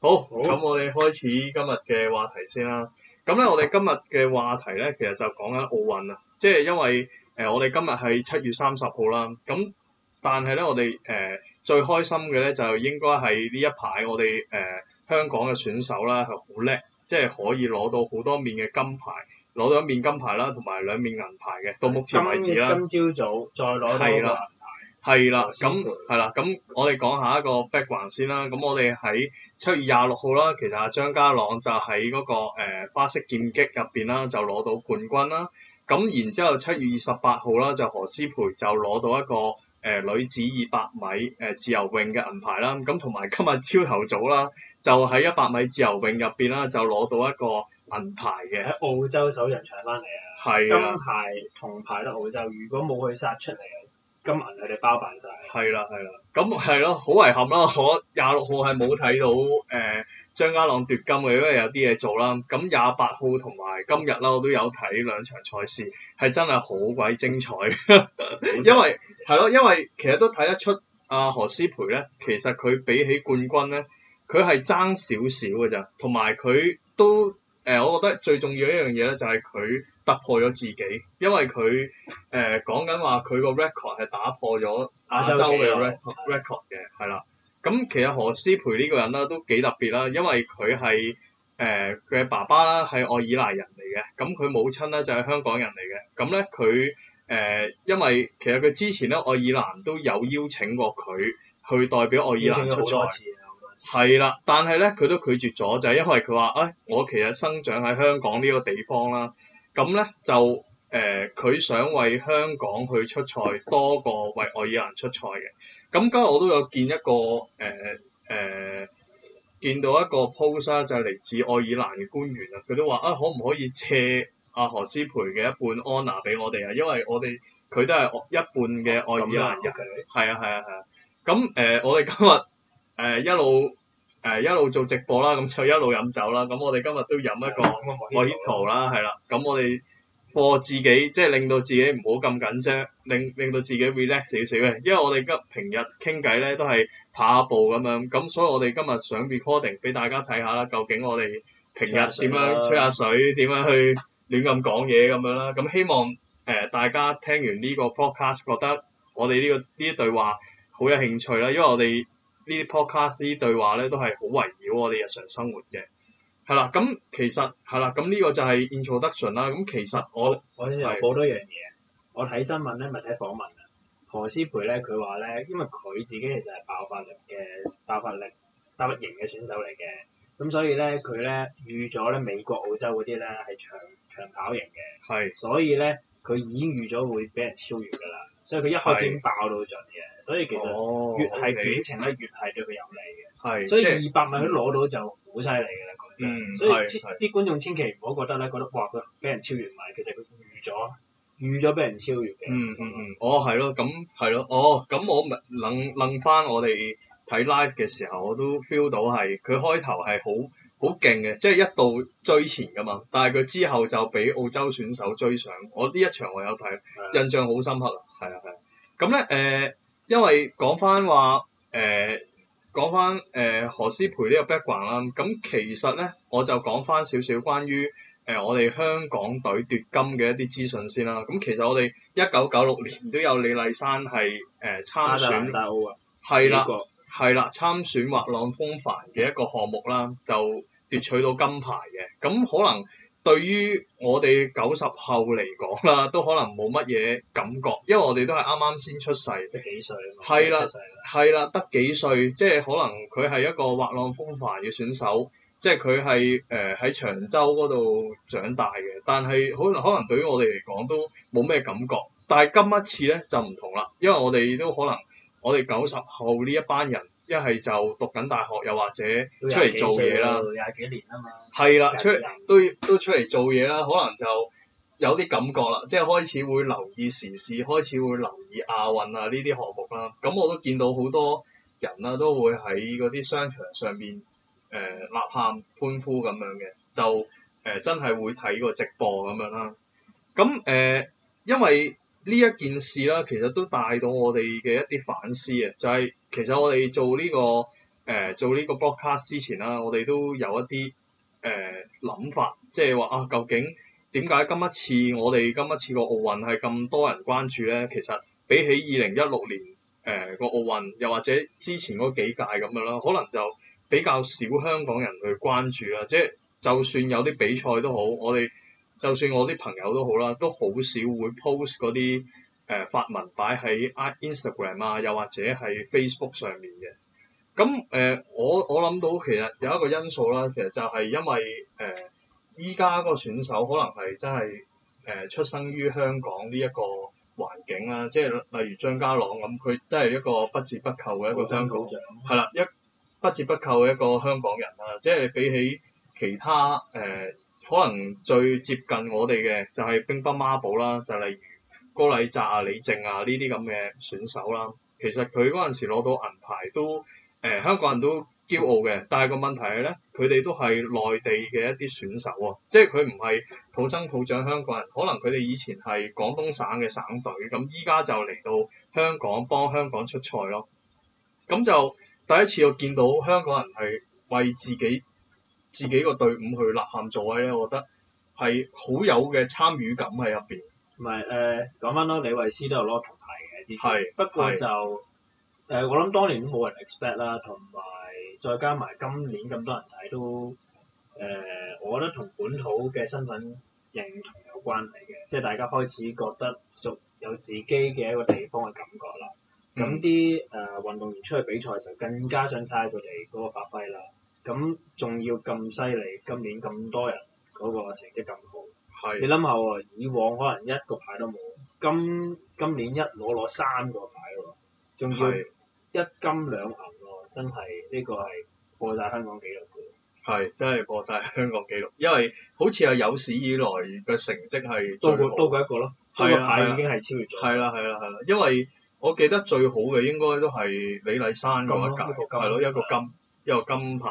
好，咁我哋開始今日嘅話題先啦。咁咧，我哋今日嘅話題咧，其實就講緊奧運啦。即係因為誒、呃，我哋今日係七月三十號啦。咁但係咧，我哋誒、呃、最開心嘅咧，就應該係呢一排我哋誒、呃、香港嘅選手啦，係好叻，即係可以攞到好多面嘅金牌，攞到一面金牌啦，同埋兩面銀牌嘅。到目前為止啦。今，今朝早再攞到啦。係啦，咁係啦，咁我哋講一下一個 background 先啦。咁我哋喺七月廿六號啦，其實啊張家朗就喺嗰、那個、呃、巴花式劍擊入邊啦，就攞到冠軍啦。咁然之後七月二十八號啦，就何詩蓓就攞到一個誒、呃、女子二百米誒、呃、自由泳嘅銀牌啦。咁同埋今日朝頭早，上早上啦，就喺一百米自由泳入邊啦，就攞到一個銀牌嘅，喺澳洲首場賽翻嚟手上搶返嚟啊。係啊的，金牌銅牌都澳洲，如果冇佢殺出嚟今晚佢哋包辦晒，係啦係啦，咁係咯，好遺憾啦，我廿六號係冇睇到誒、呃、張家朗奪金嘅，因為有啲嘢做啦。咁廿八號同埋今日啦，我都有睇兩場賽事，係真係好鬼精彩。 因為係咯， 因為其實都睇得出阿、啊、何詩培何詩蓓咧，其實佢比起冠軍咧，佢係爭少少嘅咋，同埋佢都。誒、呃，我覺得最重要一樣嘢咧，就係佢突破咗自己，因為佢誒講緊話佢個 record 係打破咗亞洲嘅 record 嘅、啊，係啦。咁的的、嗯、其實何詩蓓呢個人啦，都幾特別啦，因為佢係佢嘅爸爸啦係愛爾蘭人嚟嘅，咁佢母親咧就係香港人嚟嘅，咁咧佢誒因為其實佢之前咧愛爾蘭都有邀請過佢去代表愛爾蘭出賽。係啦，但係咧佢都拒絕咗就係、是、因為佢話，哎，我其實生長喺香港呢個地方啦，咁咧就誒佢、呃、想為香港去出賽多過為愛爾蘭出賽嘅。咁今日我都有見一個誒誒、呃呃，見到一個 post 啊，就係、是、嚟自愛爾蘭嘅官員啊，佢都話，啊，可唔可以借阿何詩蓓嘅一半安娜俾我哋啊？因為我哋佢都係一半嘅愛爾蘭人，係啊係啊係啊。咁誒、啊啊啊啊嗯呃，我哋今日誒、呃、一路。誒一路做直播啦，咁就一路飲酒啦。咁我哋今日都飲一個 我協圖啦，係啦的。咁、嗯、我哋播自己即係令到自己唔好咁緊張，令令到自己 relax 少少嘅。因為我哋今平日傾偈咧都係跑下步咁樣，咁所以我哋今日想 recording 俾大家睇下啦，究竟我哋平日點樣吹下水，點樣去亂咁講嘢咁樣啦。咁、嗯、希望誒、呃、大家聽完呢個 podcast 覺得我哋呢、呢個呢一對話好有興趣啦，因為我哋。呢啲 podcast 對話對咧都係好圍繞我哋日常生活嘅，係啦，咁其實係啦，咁呢個就係 introduction 啦。咁其實我我先又好多樣嘢，我睇新聞咧咪睇訪問何詩蓓咧佢話咧，因為佢自己其實係爆發力嘅爆發力、爆發型嘅選手嚟嘅，咁所以咧佢咧預咗咧美國、澳洲嗰啲咧係長長跑型嘅，係的，所以咧佢已經預咗會俾人超越㗎啦。所以佢一開始已經爆到盡嘅，所以其實越係短程咧，越係對佢有利嘅。係， 所以二百米佢攞到就好犀利嘅啦，講真、嗯嗯 oh, oh。嗯，所以啲觀眾千祈唔好覺得咧，覺得哇佢俾人超越埋，其實佢預咗預咗俾人超越嘅。嗯嗯嗯。哦，係 咯楽，咁係咯，哦， 咁我咪諗諗翻我哋睇 live 嘅時候，我都 feel 到係佢開頭係好。好勁嘅，即係一度追前㗎嘛，但係佢之後就俾澳洲選手追上。我呢一場我有睇，的印象好深刻啊，係啊係啊。咁咧誒，因為講翻話誒、嗯，講翻誒何詩蓓呢個 background 啦，咁、嗯嗯、其實咧我就講翻少少關於誒、呃、我哋香港隊奪金嘅一啲資訊先啦。咁、嗯、其實我哋一九九六年都有李麗珊係誒參選，大奧係啦。的係啦，參選滑浪風帆嘅一個項目啦，就奪取到金牌嘅。咁可能對於我哋九十後嚟講啦，都可能冇乜嘢感覺，因為我哋都係啱啱先出世，得幾歲啊？係啦，係啦，得幾歲？即係可能佢係一個滑浪風帆嘅選手，即係佢係誒喺長洲嗰度長大嘅。但係可能可能對於我哋嚟講都冇咩感覺。但係今一次咧，就唔同啦，因為我哋都可能。我哋九十後呢一班人，一係就讀緊大學，又或者出嚟做嘢啦，廿幾年啊嘛，係啦的，出都都出嚟做嘢啦，可能就有啲感覺啦，即係開始會留意時事，開始會留意亞運啊呢啲項目啦。咁我都見到好多人啦、啊，都會喺嗰啲商場上邊誒吶喊歡呼咁樣嘅，就誒、呃、真係會睇個直播咁樣啦。咁誒、呃，因為呢一件事啦，其實都帶到我哋嘅一啲反思啊！就係、是、其實我哋做呢、這個誒、呃、做呢個 broadcast 之前啦，我哋都有一啲誒諗法，即係話啊，究竟點解今一次我哋今一次個奧運係咁多人關注咧？其實比起二零一六年誒個奧運，又或者之前嗰幾屆咁樣啦，可能就比較少香港人去關注啦。即係就算有啲比賽都好，我哋。就算我啲朋友都好啦，都好少會 post 嗰啲誒發文擺喺 Instagram 啊，又或者喺 Facebook 上面嘅。咁誒、呃，我我諗到其實有一個因素啦，其實就係因為誒依家嗰個選手可能係真係誒、呃、出生於香港呢一個環境啦，即係例如張家朗咁，佢、嗯、真係一個不折不扣嘅一個香港，係啦、嗯，一不折不扣嘅一個香港人啊，即係比起其他誒。呃可能最接近我哋嘅就係乒乓孖寶啦，就例如高禮澤啊、李靜啊呢啲咁嘅選手啦。其實佢嗰陣時攞到銀牌都誒、呃、香港人都驕傲嘅，但係個問題係咧，佢哋都係內地嘅一啲選手啊。即係佢唔係土生土長香港人，可能佢哋以前係廣東省嘅省隊，咁依家就嚟到香港幫香港出賽咯。咁就第一次我見到香港人係為自己，自己個隊伍去吶喊咗威咧，我覺得係好有嘅參與感喺入邊。同埋誒，講翻咯，李慧詩都有攞銅牌嘅之前，是不過就誒是、呃，我諗當年都冇人 expect 啦，同埋再加埋今年咁多人睇都誒、呃，我覺得同本土嘅身份認同有關係嘅，即係大家開始覺得屬有自己嘅一個地方嘅感覺啦。咁啲誒運動員出去比賽嘅時候，更加想睇下佢哋嗰個發揮啦。咁仲要咁犀利，今年咁多人嗰個成績咁好，是你諗下喎？以往可能一個牌都冇，今今年一攞攞三個牌喎、哦，仲要一金兩銀喎、哦，是真係呢個係破晒香港紀錄。係，真係破晒香港紀錄，因為好似係有史以來嘅成績係多過多過一個咯，一個牌已經係超越咗。係啦係啦係啦，因為我記得最好嘅應該都係李麗珊嗰一屆，係咯一個金一個金，一個金牌。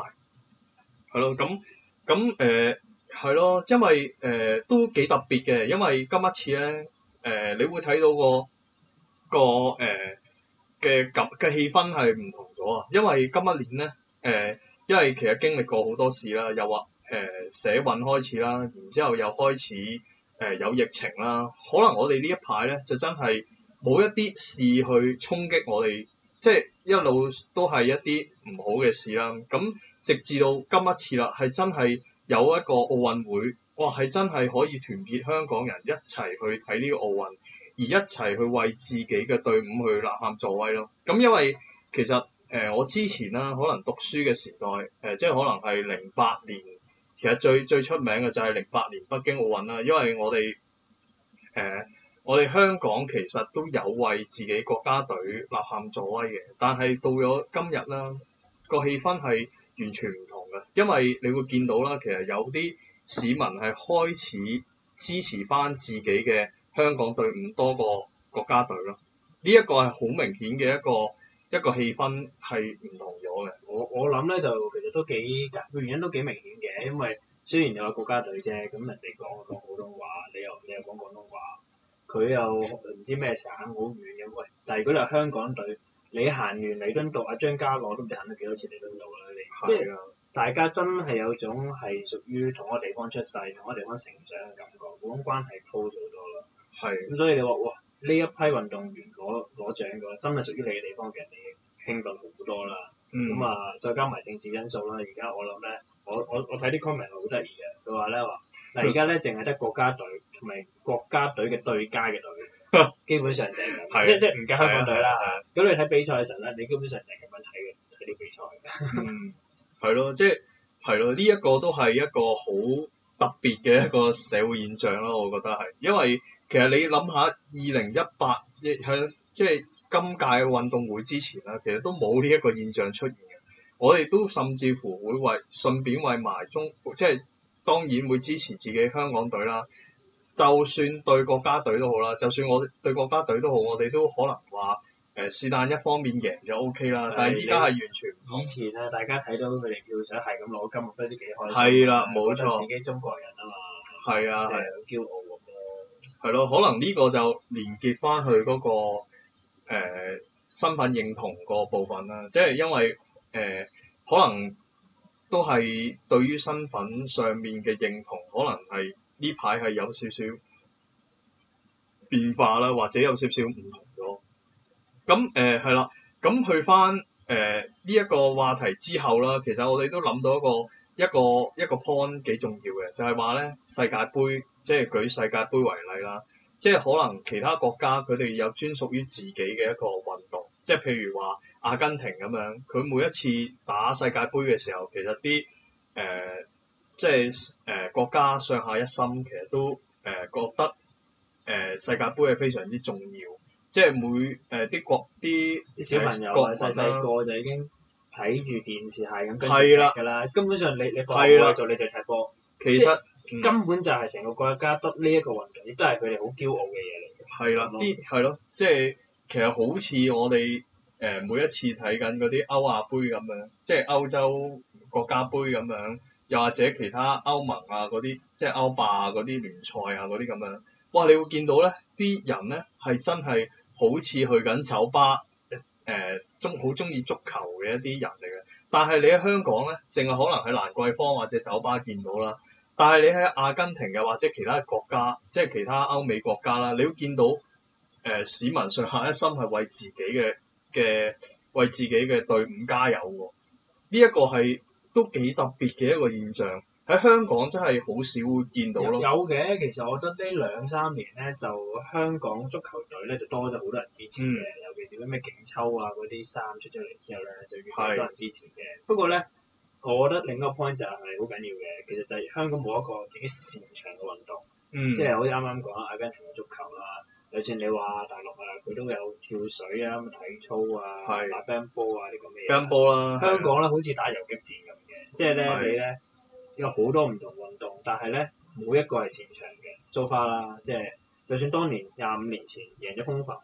係咯，咁咁誒係咯，因為誒、嗯、都幾特別嘅，因為今一次咧誒、呃，你會睇到個個誒嘅咁嘅氣氛係唔同咗啊，因為今一年咧誒，因為其實經歷過好多事啦，又話誒、呃、社運開始啦，然之後又開始誒有、呃、疫情啦，可能我哋呢一排咧就真係冇一啲事去衝擊我哋，即、就、係、是、一路都係一啲唔好嘅事啦，咁、嗯。直至到今一次啦，係真係有一個奧運會，哇！係真係可以團結香港人一齊去睇呢個奧運，而一齊去為自己嘅隊伍去吶喊助威咯。咁、嗯、因為其實誒、呃、我之前啦，可能讀書嘅時代誒、呃，即係可能係零八年，其實最最出名嘅就係零八年北京奧運啦，因為我哋誒、呃、我哋香港其實都有為自己國家隊吶喊助威嘅，但係到咗今日啦，個氣氛係，完全唔同嘅，因為你會見到啦，其實有啲市民係開始支持翻自己嘅香港隊伍多過國家隊咯。呢一個係好明顯嘅一個一個氣氛係唔同咗嘅。我我諗咧就其實都幾緊，個原因都幾明顯嘅，因為雖然有話國家隊啫，咁人哋講講普通話，你又你又講廣東話，佢又唔知咩省好遠嘅喂，但係嗰度係香港隊。你行完彌敦道啊，張家朗都唔知行咗幾多次彌敦道啦，你即係是大家真係有種係屬於同一個地方出世、同一個地方成長嘅感覺，嗰種關係鋪咗好多啦。係的。咁所以你話哇，呢一批運動員攞攞獎嘅話，真係屬於你嘅地方嘅人到，興奮好多啦。咁啊，再加埋政治因素啦。而家我諗咧，我我我睇啲 comment 好得意嘅，佢話咧話，嗱而家咧淨係得國家隊同埋國家隊嘅對家嘅隊。 基本上就係 是，即即唔介香港隊啦嚇。咁、啊啊、你睇比賽嘅時候咧，你基本上就係咁樣睇嘅，睇啲比賽 嗯，係咯、啊，即係係咯，呢、啊這個、一個都係一個好特別嘅一個社會現象咯，我覺得係。因為其實你諗下，二零一八亦係即係今屆運動會之前啦，其實都冇呢一個現象出現嘅。我哋都甚至乎會為順便為埋中，即係當然會支持自己香港隊啦。就算對國家隊都好啦，就算我對國家隊都好，我哋都可能話誒是但一方面贏就 OK 啦。的但係依家係完全唔同以前咧、啊，大家睇到佢哋跳水係咁攞金，唔知幾開心。係啦的，冇錯。自己中國人啊的嘛。係啊，係好驕傲咁咯。係咯，可能呢個就連結翻去嗰、嗰個、呃、身份認同個部分啦，即係因為誒、呃、可能都係對於身份上面嘅認同，可能係。呢排係有少少變化啦，或者有少少唔同咗。咁誒係啦，咁、呃、去返誒呢一個話題之後啦，其實我哋都諗到一個一個一個 point 幾重要嘅，就係話咧世界盃，即係舉世界盃為例啦，即係可能其他國家佢哋有專屬於自己嘅一個運動，即係譬如話阿根廷咁樣，佢每一次打世界盃嘅時候，其實啲誒。呃即係誒國家上下一心，其實都誒覺得誒世界盃係非常之重要。即係每誒啲國啲小朋友啊，細細個就已經睇住電視係咁跟住踢噶啦。根本上你你國家做你就踢波。其實根本就係成個國家得呢一個運動，亦都係佢哋好驕傲嘅嘢嚟。係啦，啲係咯，即係其實好似我哋誒每一次睇緊嗰啲歐亞盃咁樣，即係歐洲國家盃咁樣。又或者其他歐盟啊嗰啲，即係歐霸嗰、啊、啲聯賽啊嗰啲咁樣，哇！你會見到咧，啲人咧係真係好似去緊酒吧，誒中好鍾意足球嘅一啲人嚟嘅。但係你喺香港咧，淨係可能喺蘭桂坊或者酒吧見到啦。但係你喺阿根廷又或者其他國家，即係其他歐美國家啦，你會見到誒、呃、市民上下一心係為自己嘅嘅為自己嘅隊伍加油喎。呢、這、一個係。都幾特別嘅一個現象，喺香港真係好少會見到咯。有嘅，其實我覺得呢兩三年咧，就香港足球隊咧就多咗好多人支持嘅，嗯、尤其是嗰咩勁揪啊嗰啲衫出咗嚟之後咧，就越嚟越多人支持嘅。是不過咧，我覺得另一個 point 就係好緊要嘅，其實就係香港冇一個自己擅長嘅運動，嗯、即係好似啱啱講阿根廷嘅足球啦、啊。就算你話大陸啊，佢都有跳水啊、體操啊、的打乒乓波啊呢個咩？乒乓波啦，香港咧的好似打遊擊戰咁嘅，即係咧的，你咧有好多唔同運動，但係咧每一個係擅長嘅，so far 啦，即係就算當年廿五年前贏咗風帆，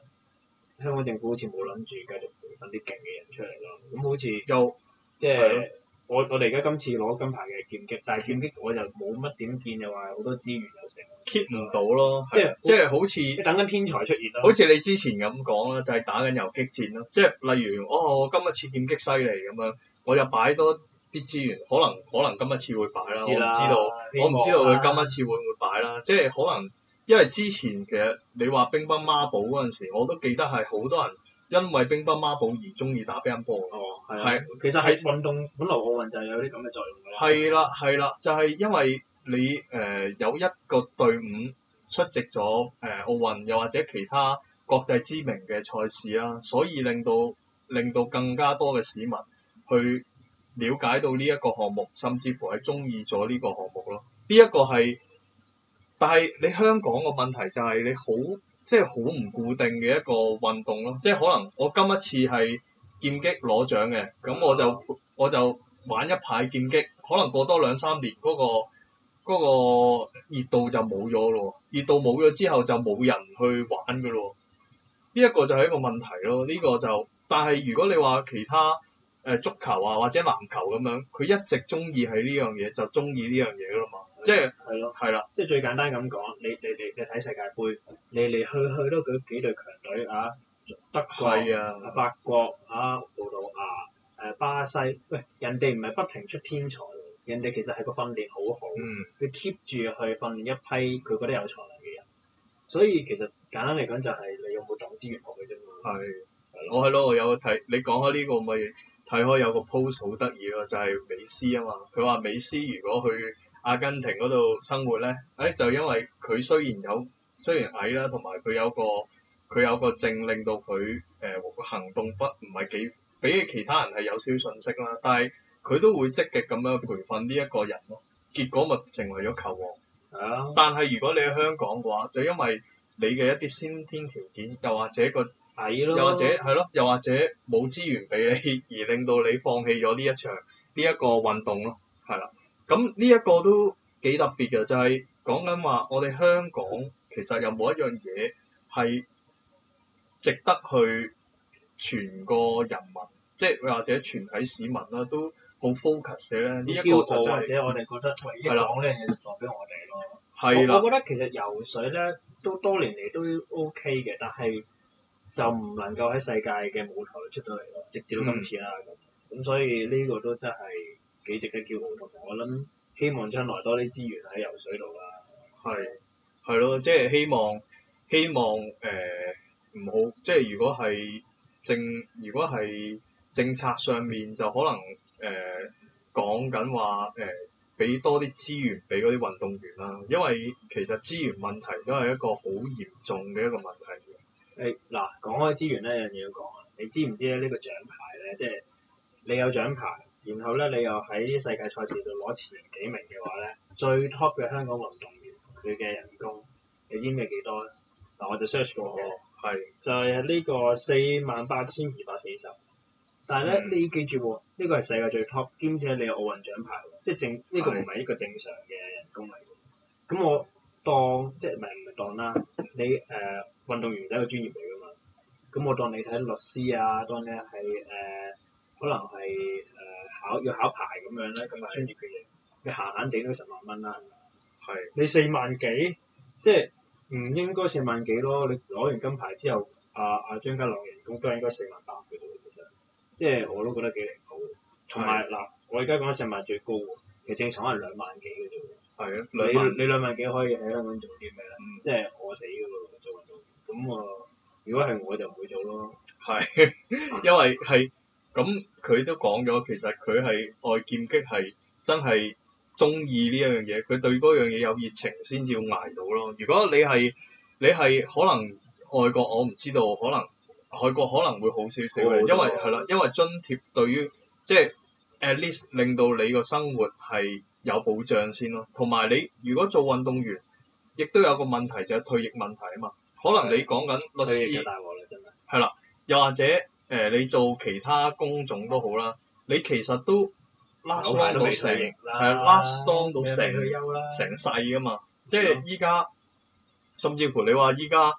香港政府好似冇諗住繼續培訓啲勁嘅人出嚟咯，咁好似做即係是。我我哋而家今次攞金牌嘅劍擊，但係劍擊我就冇乜點見，又話好多資源有成 keep 唔到咯，是即係即係好似等緊天才出現咯，好似你之前咁講啦，就係、是、打緊遊擊戰咯，即係例如哦，我今一次劍擊犀利咁樣，我就擺多啲資源，可能可能今一次會擺啦，我知道，我唔知道佢今一次會唔會擺啦，即係可能因為之前其實你話乒乓孖寶嗰陣時，我都記得係好多人。因為乒乓孖寶而中意打乒乓波，係、啊、是其實喺運動本來奧運就有啲咁嘅作用咯。係啦、啊，係啦、啊啊，就係、是、因為你誒、呃、有一個隊伍出席咗誒、呃、奧運，又或者其他國際知名嘅賽事啦、啊，所以令到令到更加多嘅市民去了解到呢一個項目，甚至乎係中意咗呢個項目咯。呢、這、一個係，但係你香港個問題就係你好。即係好唔固定嘅一個運動咯，即係可能我今一次係劍擊攞獎嘅，咁我就我就玩一排劍擊，可能過多兩三年嗰個嗰個熱度就冇咗咯，熱度冇咗之後就冇人去玩噶咯，呢一個就係一個問題咯，呢個就，但係如果你話其他。誒足球啊，或者籃球咁樣，佢一直中意喺呢樣嘢，就中意呢樣嘢㗎啦嘛。嗯、即係係啦，即係最簡單咁講，你你你你睇世界盃，嚟嚟去去，去都舉幾隊強隊啊，德國啊、法國啊、葡萄牙、誒、啊、巴西，喂，人哋唔係不停出天才，人哋其實係個訓練好好，佢 keep 住去訓練一批佢覺得有才能嘅人。所以其實簡單嚟講，就係你有冇揼資源落去啫嘛。係是，我係咯，我有睇你講開呢個咪。睇開有個 post 好得意咯，就係、是、美斯啊嘛，佢話美斯如果去阿根廷嗰度生活咧，誒、哎、就因為佢雖然有雖然矮啦，同埋佢有，有個佢有個症令，令到佢誒、呃、行動不唔係幾比其他人係有少少遜色啦，但係佢都會積極咁樣培訓呢一個人咯，結果咪成為咗球王。係啊。但係如果你喺香港嘅話，就因為你嘅一啲先天條件，又或者、那個。係咯，又或者係咯，又或者冇資源俾你，而令到你放棄咗呢一場呢一個運動咯，係啦。咁呢一個都幾特別嘅，就係講緊話我哋香港其實有冇一樣嘢係值得去全個人民，即係或者全體市民啦，都好 focus 咧呢一個，或者我哋覺得喂，講呢樣嘢就代表我哋咯。係啦，我覺得其實游水咧都多年嚟都 O K 嘅，但係，就唔能夠喺世界嘅舞台出到嚟咯，直至到今次啦咁，咁、嗯、所以呢個都真係幾值得叫奧運，我諗希望親來多啲資源喺游水度啦。係，係咯，即係希望希望誒唔、呃、好，即係如果係政如果係政策上面就可能誒講緊話誒俾多啲資源俾嗰啲運動員啦，因為其實資源問題都係一個好嚴重嘅一個問題。誒嗱、哎，講開資源咧，有樣嘢要講啊！你知唔知咧？呢個獎牌咧，即係你有獎牌，然後咧你又喺世界賽事度攞前幾名嘅話咧，最 top 嘅香港運動員佢嘅人工，你知唔咩幾多咧？嗱，我就 search 過喎，係 Okay. 就係、係、呢個四萬八千二百四十。但係咧，你要記住喎、哦，呢、呢個係世界最 top，兼且你有奧運獎牌喎，即係正呢、呢個唔係一個正常嘅人工嚟嘅。咁是我當即係唔係唔係當啦，你誒。呃運動員係個專業嚟㗎嘛，咁我當你睇律師啊，當你係誒、呃，可能係誒、呃、考要考牌咁樣咧咁專業嘅嘢，是你閒閒地都十萬蚊啦，係是，你四萬幾，即係唔應該四萬幾咯，你攞完金牌之後，阿、啊、阿、啊、張家朗人工都應該四萬八嘅啫喎，其實，即係我都覺得幾離譜喎，同埋嗱，我而家講緊四萬最高喎，其實正常可能是你兩萬幾嘅啫喎，啊，你你兩萬幾可以喺香港做啲咩咧？即係餓死嘅喎，做運動。咁啊、嗯，如果係我就唔會做咯。係， 因為係，咁，佢都講咗，其實佢係愛劍擊係真係中意呢一樣嘢，佢對嗰樣嘢有熱情先至捱到咯。如果你係你係可能外國我唔知道，可能外國可能會好少少，嘅，因為係啦，因為津貼對於即係 at least 令到你個生活係有保障先咯。同埋你如果做運動員亦都有個問題就係、是、退役問題啊嘛。可能你講緊律師，係啦， 又或者誒、呃、你做其他工種都好啦，你其實都 last long 到成，係 last long 到成成世噶嘛，即係依家，甚至乎你話依家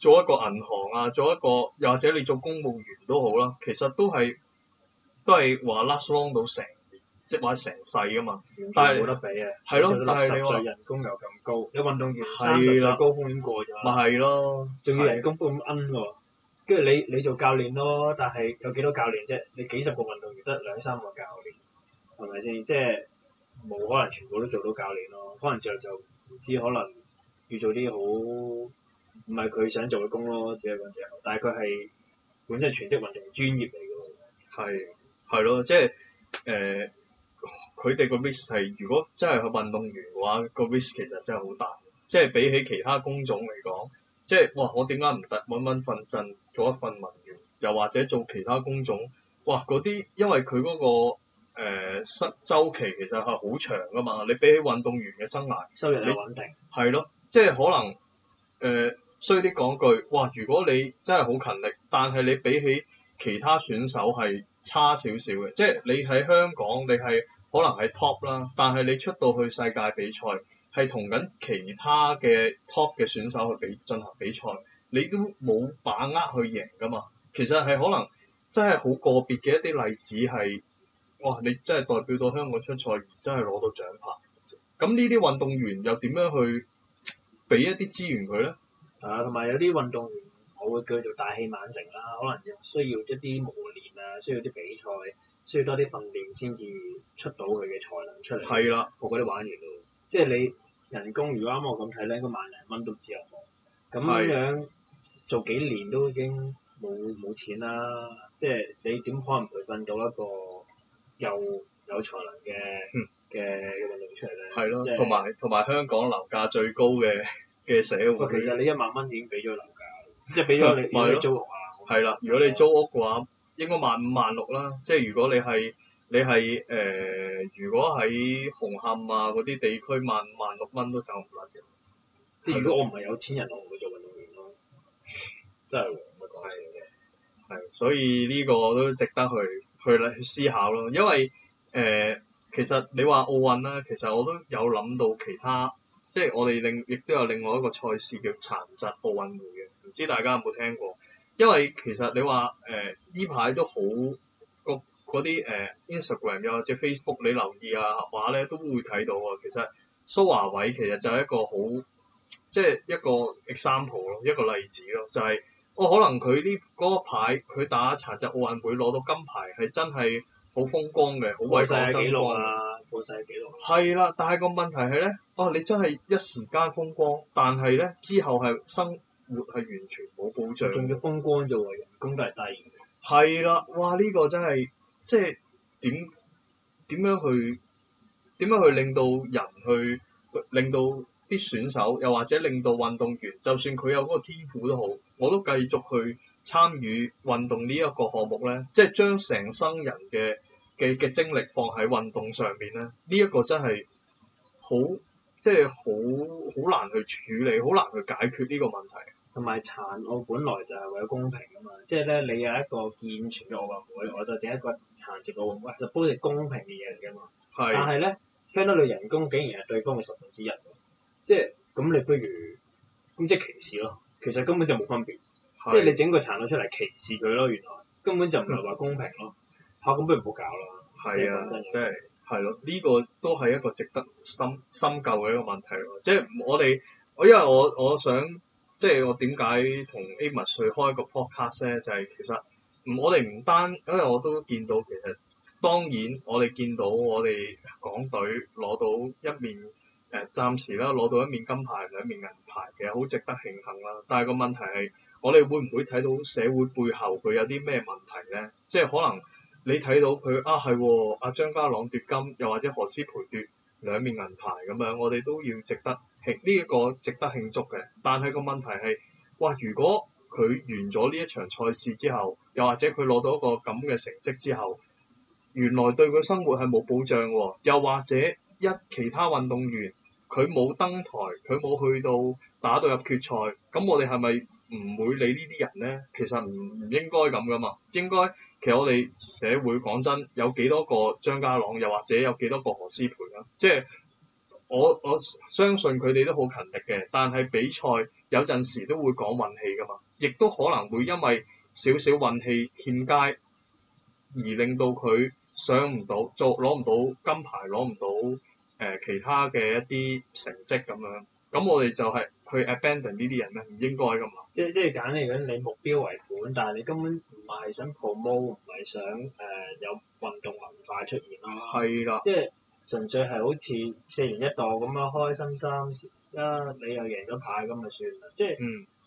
做一個銀行啊，做一個又或者你做公務員都好啦，其實都係都係話 last long 到成。即買成世噶嘛，但係冇得比啊！係咯，但係人工又咁高，有了運動員三十歲高峯，點過咗？咪係咯，仲要人工咁奀喎，跟住你你做教練咯，但係有幾多教練啫？你幾十個運動員得兩三個教練，係咪先？即係冇可能全部都做到教練咯，可能就就唔知可能要做啲好唔係佢想做嘅工咯，只係講住，但係佢係本身全職運動專業嚟㗎喎。係係咯，即係誒。呃佢哋個 risk 係，如果真係佢運動員嘅話，個 risk 其實真係好大。即係比起其他工種嚟講，即係哇！我點解唔得揾揾份陣做一份文員，又或者做其他工種？哇！嗰啲因為佢嗰、個失週、呃、期其實係好長㗎嘛。你比起運動員嘅生涯，收入又穩定。係咯，即係可能誒、呃、衰啲講句，哇！如果你真係好勤力，但係你比起其他選手係差少少嘅。即係你喺香港，你係。可能係 top 啦，但係你出到去世界比賽，係同緊其他嘅 top 嘅選手去比進行比賽，你都冇把握去贏噶嘛。其實係可能真係好個別嘅一啲例子係，哇！你真係代表到香港出賽而真係攞到獎牌。咁呢啲運動員又點樣去俾一啲資源佢咧？啊，同埋有啲運動員，我會叫做大器晚成啦，可能需要一啲磨練啊，需要啲比賽。需要多啲訓練先至出到佢嘅才能出嚟。係啦，我覺得玩完咯。即係你人工，如果啱我咁睇咧，應該萬零蚊都只有，咁樣做幾年都已經冇冇錢啦。即係你點可能培訓到一個又有才能嘅嘅運動出嚟咧？係咯，同埋同埋香港樓價最高嘅嘅社會。其實你一萬蚊已經俾咗樓價，即係俾咗你，買咗租屋啊，係啦，如果你租屋嘅話。應該萬五萬六啦，即係如果你係你係誒、呃，如果喺紅磡啊嗰啲地區萬萬六蚊都走唔甩嘅，即係是如果我唔係有錢人，嗯、我唔會做運動員咯， 真係唔係講笑嘅。係， 所以呢個都值得去去，去，去思考咯，因為誒、呃、其實你話奧運啦、啊，其實我都有諗到其他，即係我哋另亦都有另外一個賽事叫殘疾奧運會嘅，唔知大家有冇聽過？因為其實你話誒呢排都好嗰啲誒 Instagram 又或者 Facebook 你留意啊話咧都會睇到啊，其實蘇華偉其實就係一個好即係一個 example 咯，一個例子咯，就係、是、哦可能佢呢個牌，佢打殘疾奧運會攞到金牌係真係好風光嘅，好偉大嘅風光。破曬紀錄啦、啊！係啦，但係個問題係咧，哦你真係一時間風光，但係咧之後係生。活係完全冇保障，仲要風光就話人工都係低。係啦，哇！呢個真係即係點點樣去點樣去令到人去令到啲選手，又或者令到運動員，就算佢有嗰個天賦都好，我都繼續去參與運動呢一個項目咧。即係將成生人嘅嘅嘅精力放喺運動上邊咧，呢一個真係好即係好好難去處理，好難去解決呢個問題。同埋殘奧本來就係為咗公平啊嘛，即係咧你有一個健全嘅奧運會，我就整一個殘疾嘅奧運會，就幫你公平嘅嘢嚟㗎嘛。係。是的 但係咧，聽到你人工竟然係對方嘅十分之一，即係咁，你不如咁即係歧視咯。其實根本就冇分別，即係你整個殘奧出嚟歧視佢咯，原來根本就唔係話公平咯。吓，咁不如唔好搞啦。係啊，真係係咯，呢個都係一個值得深深究嘅一個問題咯。即係我哋，我因為我我，我想。即係我點解同 A 蜜瑞開個 podcast 咧？就係、是、其實，我哋唔單，因為我都見到其實，當然我哋見到我哋港隊攞到一面誒暫、呃、時啦，攞到一面金牌兩面銀牌，其實好值得慶幸啦。但係個問題係，我哋會唔會睇到社會背後佢有啲咩問題咧？即係可能你睇到佢啊係喎，阿張、啊、家朗奪金，又或者何詩蓓奪兩面銀牌咁樣，我哋都要值得。呢一個值得慶祝嘅，但係個問題係，哇！如果佢完咗呢一場賽事之後，又或者佢攞到一個咁嘅成績之後，原來對佢生活係冇保障喎。又或者一其他運動員佢冇登台，佢冇去到打到入決賽，咁我哋係咪唔會理會呢啲人咧？其實唔唔應該咁噶嘛。應該其實我哋社會講真，有幾多個張家朗，又或者有幾多個何詩蓓咧？即係。我我相信佢哋都好勤力嘅，但係比賽有陣時都會講運氣噶嘛，亦都可能會因為少少運氣欠佳而令到佢上唔到，做攞唔到金牌，攞唔到誒、呃、其他嘅一啲成績咁樣，咁我哋就係去 abandon 呢啲人咩？唔應該噶嘛？即係即係揀嚟講，你目標為本，但係你根本唔係想 promote，唔係想誒、呃、有運動文化出現啦、啊。係啦的。即係。純粹係好似四年一度咁樣開心三一、啊、你又贏咗牌咁咪算啦，即係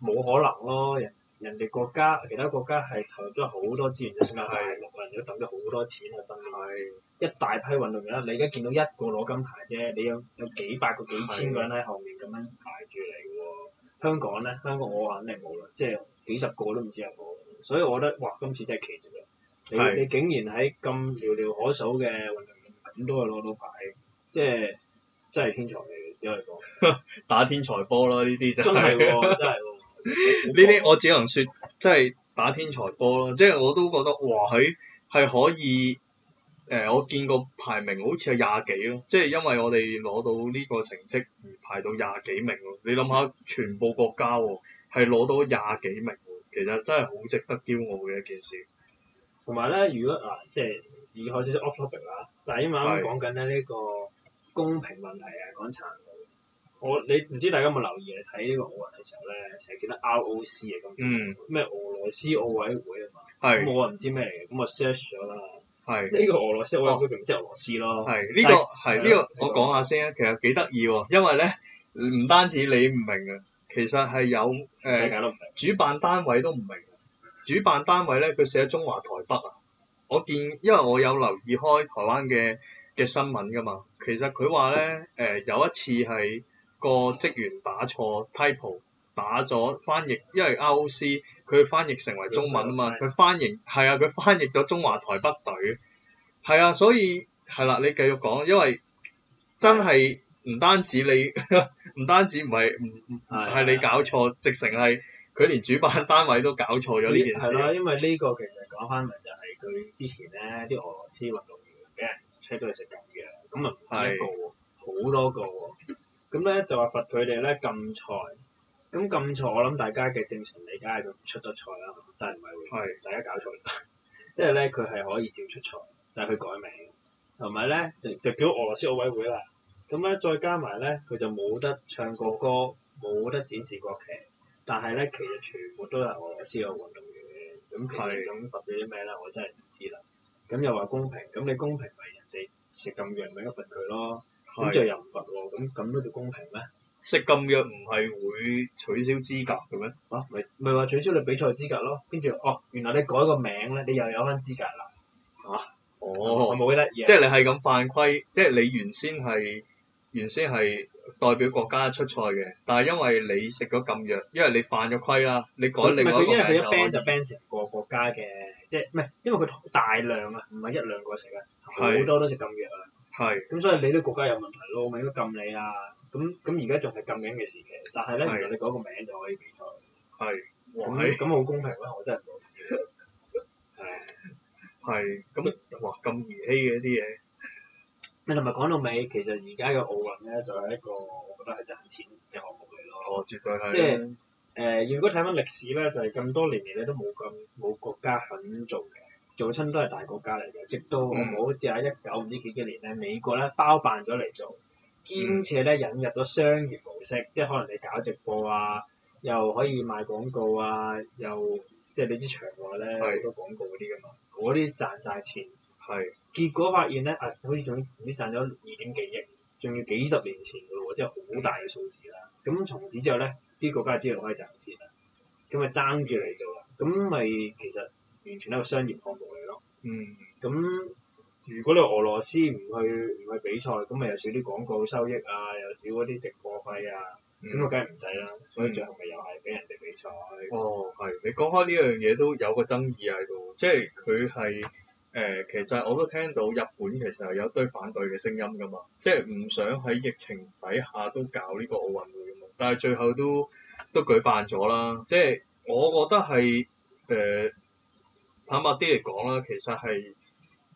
冇、嗯、可能咯。人人哋國家其他國家係投入咗好多資源去參加，六的人都揼咗好多錢去揼，但一大批運動員啦。你而家見到一個攞金牌啫，你有有幾百個、幾千個人喺後面咁樣排住嚟喎。的香港咧，香港我肯定冇啦，即係幾十個都唔知有冇。所以我覺得，哇！今次真係奇蹟啦！你的你竟然喺咁寥寥可數嘅運動。咁都係攞到牌，即係真係天才嚟嘅，只係講打天才波咯。呢啲真係，真係呢啲我只能説，真係打天才波咯。即係我都覺得，哇！佢係可以誒、呃，我見過排名好似係廿幾咯。即係因為我哋攞到呢個成績而排到廿幾名咯。你諗下，全部國家喎係攞到廿幾名喎，其實真係好值得驕傲嘅一件事。同埋咧，如果啊，即係已開少少 off topic 啦，嗱，啱啱講緊咧呢個公平問題啊，講殘奧，我，你唔知大家有冇留意，你睇呢個奧運嘅時候咧，成日見得 R O C 啊咁，咩俄羅斯奧委會啊嘛，咁我唔知咩嚟嘅，咁我 search 咗啦，係呢個俄羅斯奧委會唔明即係俄羅斯咯？係呢個係呢個，我講下先啊，其實幾得意喎，因為咧唔單止你唔明啊，其實係有誒，世界都唔明，主辦單位都唔明。主辦單位咧，佢寫中華台北啊，我見因為我有留意開台灣嘅嘅新聞噶嘛，其實佢話咧，誒、呃、有一次係個職員打錯 type，打咗翻譯，因為 ROC 佢翻譯成為中文啊嘛，佢翻譯係啊，佢翻譯咗中華台北隊，係啊，所以係啦、啊，你繼續講，因為真係唔單止你，唔 單止唔係唔唔係你搞錯，直成係。佢連主辦單位都搞錯咗呢這件事啦，因為呢個其實講翻咪就係、是、佢之前咧啲俄羅斯運動員俾人 check 到係食禁藥，咁啊唔止一個喎，好的多個喎。咁咧就話罰佢哋咧禁賽。咁禁賽我諗大家嘅正常理解係佢唔出得賽啦，但係唔係會，的大家搞錯 因為咧佢係可以照出賽，但係佢改名，同埋咧就就叫俄羅斯奧委會啦。咁咧再加埋咧，佢就冇得唱國歌，冇得展示國旗。但係咧，其實全部都係俄羅斯嘅運動員，咁佢咁罰咗啲咩咧？我真係唔知啦。咁又話公平，咁你公平咪人哋食禁藥咪應該罰佢咯？咁就又唔罰喎，咁咁都叫公平咩？食禁藥唔係是會取消資格嘅咩？嚇、啊，咪咪話取消你比賽資格咯？跟住哦，原來你改個名咧，你又有翻資格啦？嚇、啊？哦，我冇記得嘢。哦、yeah. 即係你係咁犯規，即係你原先係。原先係代表國家出賽嘅，但係因為你食咗禁藥，因為你犯咗規啦，你改另外一個名就可以。佢因為一 ban 就 ban 成個國家嘅，即係唔係因為佢大量啊，唔係一兩個食啊，好是 多都食禁藥啊，咁是 所以你啲國家有問題咯，咪應該禁你啦、啊。咁咁而家仲係禁緊嘅時期，但係咧，是 原來你改個名就可以比賽。係。咁好公平咧，我真係唔知。係是。 係。咁哇，咁兒戲嘅啲嘢。你同埋講到尾，其實而家嘅奧運咧，就係、是、一個我覺得係賺錢嘅項目嚟咯。哦，絕對係、就是。即係誒，如果睇返歷史咧，就係、是、咁多年嚟咧都冇咁冇國家肯做嘅，做親都係大國家嚟嘅。直到我、嗯、好似喺一九唔知幾幾年咧，美國咧包辦咗嚟做，兼且咧，引入咗商業模式，嗯、即係可能你搞直播啊，又可以賣廣告啊，又即係、就是、你啲長話咧好多廣告嗰啲噶嘛，嗰啲是賺晒錢。係，是結果發現咧，阿、啊、好似仲唔知賺咗二點幾億，仲要幾十年前噶喎，即係好大嘅數字啦。咁、嗯、從此之後咧，啲國家知道可以賺錢，咁咪爭住嚟做啦。咁咪其實完全都係商業項目嚟咯。嗯。咁、嗯、如果你俄羅斯唔去唔去比賽，咁咪又少啲廣告收益啊，又少嗰啲直播費啊，咁啊梗係唔制啦。所以最後咪又係俾人哋比賽。嗯、哦，係，你講開呢樣嘢都有個爭議喺度，即係佢係。誒，其實我都聽到日本其實有一堆反對嘅聲音噶嘛，即係唔想喺疫情底下都搞呢個奧運會啊嘛，但係最後都都舉辦咗啦。即係我覺得係誒坦白啲嚟講啦，其實係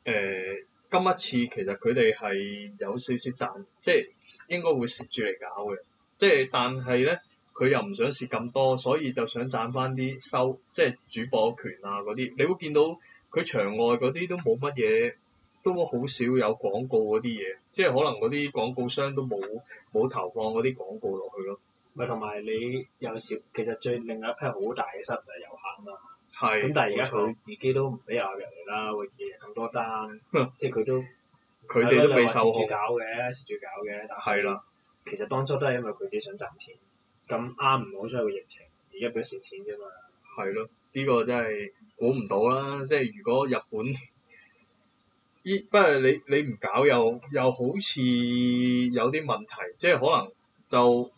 誒今一次其實佢哋係有少少賺，即係應該會蝕住嚟搞嘅。即係但係咧，佢又唔想蝕咁多，所以就想賺翻啲收，即係主播權啊嗰啲，你會見到。佢場外嗰啲都冇乜嘢，都好少有廣告嗰啲嘢，即係可能嗰啲廣告商都冇冇投放嗰啲廣告落去咯。咪同埋你有時其實最另外一批好大嘅失就係遊客啊嘛。係是。咁但係而家佢自己都唔俾遊客入嚟啦，為咗咁多單，即係佢都佢哋 都未受住住搞搞嘅，嘅，但係啦。其實當初都係因為佢自己想賺錢，咁啱唔好出個疫情，而家俾蝕錢啫嘛。係咯，呢個真係。估唔到啦，即係如果日本依，不過你你唔搞又又好似有啲問題，即係可能就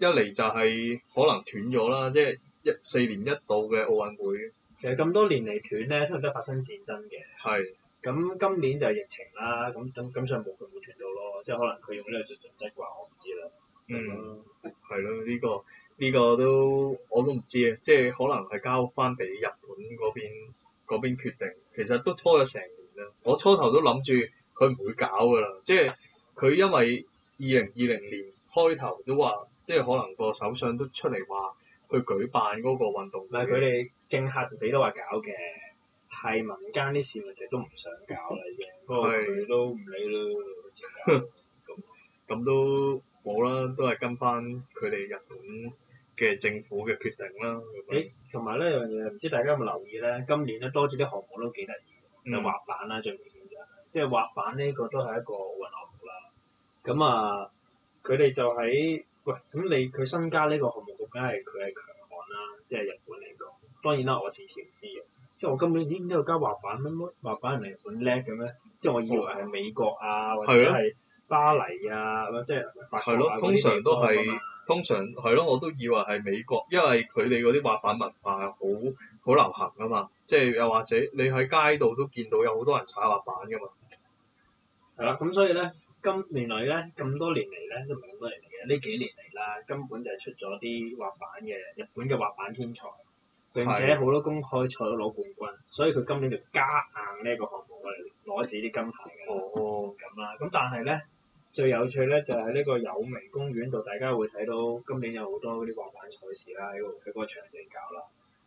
一嚟就係可能斷咗啦，即係一四年一度嘅奧運會。其實咁多年嚟斷咧都係得發生戰爭嘅。係。咁今年就係疫情啦，咁咁咁所以冇佢會斷到咯，即係可能佢用呢個做做劑啩，我唔知啦。嗯，係咯，呢個。呢個都我都唔知啊，即係可能係交翻俾日本嗰邊嗰邊決定。其實都拖咗成年啦，我初頭都諗住佢唔會搞㗎啦，即係佢因為二零二零年開頭都話，即係可能個首相都出嚟話去舉辦嗰個運動。但係佢哋政客就死都話搞嘅，係民間啲市民亦都唔想搞啦，已經 不過 都唔理咯，咁咁都冇啦，都係跟翻佢哋日本嘅政府嘅決定啦，誒同埋呢一樣嘢，唔知大家有冇留意咧？今年咧多咗啲項目都幾得意嘅，嗯、就滑板啦、啊、最明顯就係，即係滑板呢個都係一個運動啦。咁啊，佢哋、啊、就喺、是、喂，咁你佢新加呢個項目，佢梗係佢係強項啦、啊，即係日本嚟講。當然啦，我事前唔知嘅，即係我根本點解要加滑板咧？滑板係唔係日本叻嘅咩？即係我以為係美國啊，嗯、或者係。巴黎啊，即係係咯，通常都係通常係咯，我都以為係美國，因為佢哋嗰啲滑板文化係好好流行吖嘛，即係又或者你喺街度都見到有好多人踩滑板㗎嘛。係啦，咁所以咧，今年嚟咧咁多年嚟咧都唔係多年嚟嘅，呢幾年嚟啦，根本就係出咗啲滑板嘅日本嘅滑板天才，並且好多公開賽都攞冠軍，的所以佢今年就加硬呢一個項目嚟攞自己啲金牌。哦，咁啦，咁但係咧。最有趣咧就係呢個有明公園度，大家會睇到今年有好多啲滑板賽事啦，喺嗰喺個場地搞啦。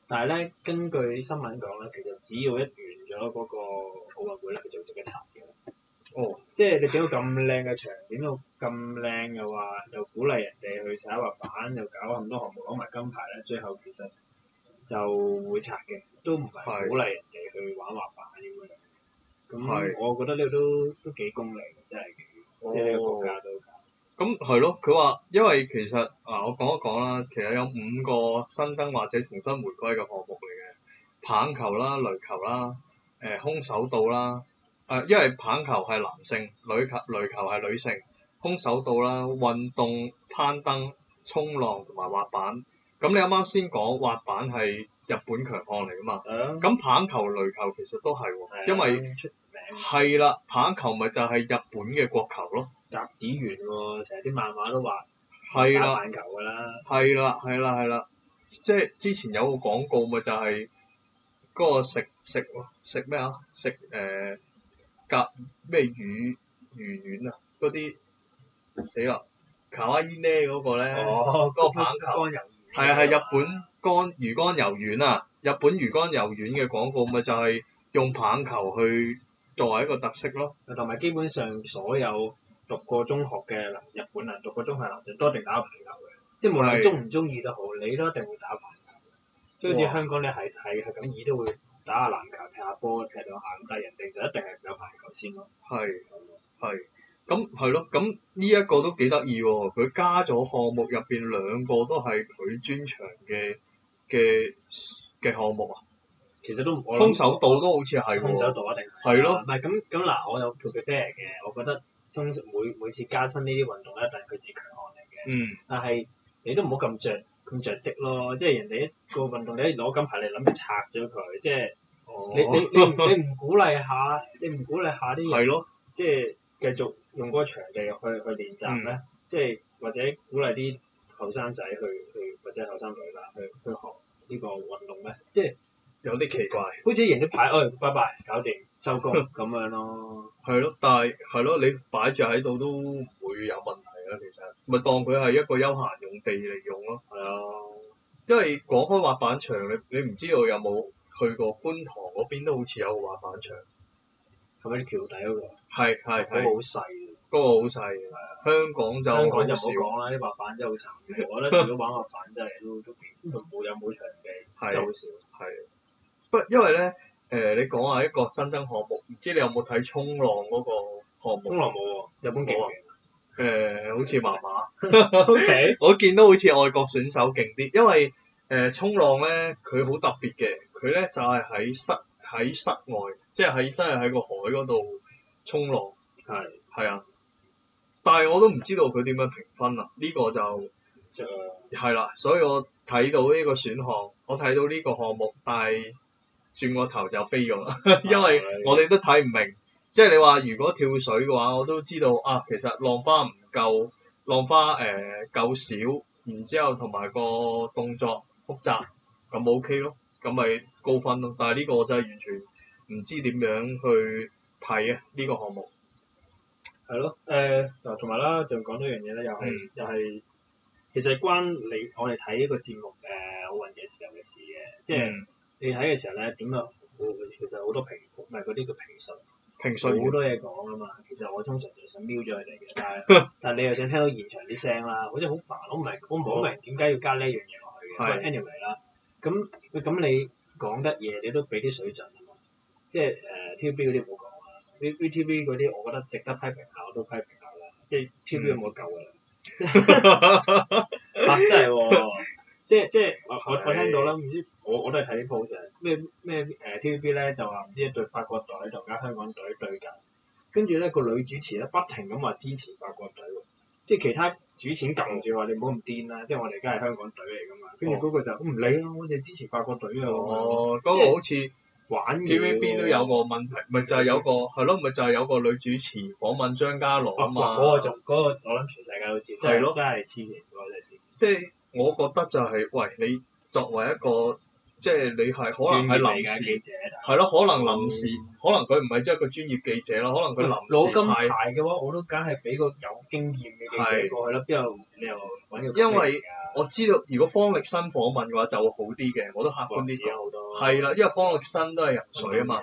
但係咧，根據新聞講咧，其實只要一完咗嗰個奧運會咧，佢就即刻拆嘅。哦，即係你整到咁靚嘅場，整都咁靚嘅話，又鼓勵人哋去踩滑板，又搞咁多項目攞埋金牌咧，最後其實就會拆嘅，都唔係鼓勵人哋去玩滑板咁樣。咁我覺得呢個都都幾功利真係嘅。哦，咁係咯，佢話因為其實啊，我講一講啦，其實有五個新增或者重新回歸嘅項目嚟嘅，棒球啦、壘球啦、誒、呃、空手道啦，誒、呃、因為棒球係男性，壘球壘球係女性，空手道啦、運動攀登、衝浪同埋滑板，咁你啱啱先講滑板係日本強項嚟啊嘛，咁、嗯、棒球壘球其實都係喎、哦，嗯、因為。係啦，棒球咪就係日本嘅國球咯。甲子園喎、哦，成日啲漫畫都話。係的啦。棒球㗎啦。係啦，係啦，係啦。即係之前有個廣告咪就係嗰個食食食咩啊？食誒、呃、甲咩魚魚丸啊？嗰啲死啦！卡哇伊呢嗰個呢？哦。嗰 個棒球。係啊，係日本乾魚乾油丸啊！日本魚乾油丸嘅廣告咪就係用棒球去。作為一個特色咯，同埋基本上所有讀過中學嘅日本人，讀過中學男都一定打排球嘅，即係無論你中唔中意都好，是你都一定會打排球。即好似香港你係係係咁意都會打下籃球、球、踢下波、踢到下，但人哋就一定係有排球先咯。係係，咁係咯，咁呢一個都幾得意喎！佢加咗項目入邊兩個都係佢專長嘅嘅嘅項目啊。其實都唔，空手道都好似係空手道一定係，係咯的，唔係咁咁，嗱，我有做佢 e p a r 嘅，我覺得通每每次加親呢啲運動咧，都係佢哋強項嚟嘅。嗯。但係你都唔好咁着，咁着跡咯，即係人哋一個運動，你攞金牌嚟諗住拆咗佢，即係你，哦，你你唔鼓勵下，你唔鼓勵下啲人，的即係繼續用嗰個場地去去練習咧，嗯，即係或者鼓勵啲後生仔去去，去或者後生女啦去去，去學呢個運動咧，即係。有啲奇怪，好似贏咗牌，哎，拜拜，搞掂收工咁樣咯。係咯，但係係咯，你擺住喺度都唔會有問題嘅，其實咪當佢係一個休閒用地嚟用咯。係啊，因為廣州滑板場，你你唔知道有冇去過觀塘嗰邊都好似有個滑板場，係咪啲橋底嗰個？係係係。嗰個好細嘅，嗰個好細嘅。香港就香港就冇講啦，啲滑板真係好慘。我覺得如果玩滑板真係都都冇有冇場地。就好少。係。不，因為咧，誒、呃，你講下一個新增項目，唔知你有冇睇衝浪嗰個項目？衝浪冇喎，有有日本勁啊！誒、呃，好似麻麻， Okay. 我見到好似外國選手勁啲，因為誒、呃、衝浪咧，佢好特別嘅，佢咧就係、是、喺室喺室外，即係喺真係喺個海嗰度衝浪。係是。係啊，但係我都唔知道佢點樣評分啊！呢、這個就係啦就、啊，所以我睇到呢個選項，我睇到呢個項目，但係。轉個頭就飛咗，因為我哋都睇唔明，即係你話如果跳水嘅話，我都知道啊，其實浪花唔夠，浪花誒夠少，然之後同埋個動作複雜，咁 OK 咯，咁咪高分咯。但係呢個就係完全唔知點樣去睇啊，呢、這個項目係咯，誒、呃、嗱，同埋啦，仲講咗樣嘢咧，又係、嗯、又係，其實係關你我哋睇呢個節目誒奧運嘅時候嘅事嘅，即係。嗯你睇嘅時候咧，點啊？其實好多評，唔係嗰啲叫評述，評述好多嘢講啊嘛。其實我通常就想瞄咗佢哋嘅，但係 你又想聽到現場啲聲啦。好似好煩，我唔係我唔好明點解要加呢一樣嘢落去嘅，因 anyway 啦。咁咁你講得嘢，你都俾啲水準啊嘛。即係誒，TVB 嗰啲冇講啊，V V T V 嗰啲，我覺得值得批評下，我都批評下啦。即係 TVB 冇夠嘅啦。真係即係即係我我我聽到啦，唔知我我都係睇啲報成咩咩誒 T V B 咧就話唔知一對法國隊同間香港隊對緊，跟住咧個女主持咧不停咁話支持法國隊喎，即係其他主持撳住話你唔好咁癲啦，即係我哋而家係香港隊嚟㗎嘛，跟住嗰個就唔理咯，我哋支持法國隊啊，嗰個好似玩嘅 T V B 都有個問題，咪就係有個係咯，咪就係有個女主持訪問張家朗啊嘛，嗰個就嗰個我諗全世界都知，真係真係黐線，即係。我覺得就係、是，喂，你作為一個，即係你係可能係臨時記者，係咯，可能臨時，嗯、可能佢唔係即係一個專業記者咯，可能佢臨時係。攞金牌嘅話，我都梗係俾個有經驗嘅記者過去啦，邊是有、啊、因為我知道，如果方力申訪問嘅話就會好啲嘅，我都客觀啲好多。係啦，因為方力申都係游水啊嘛。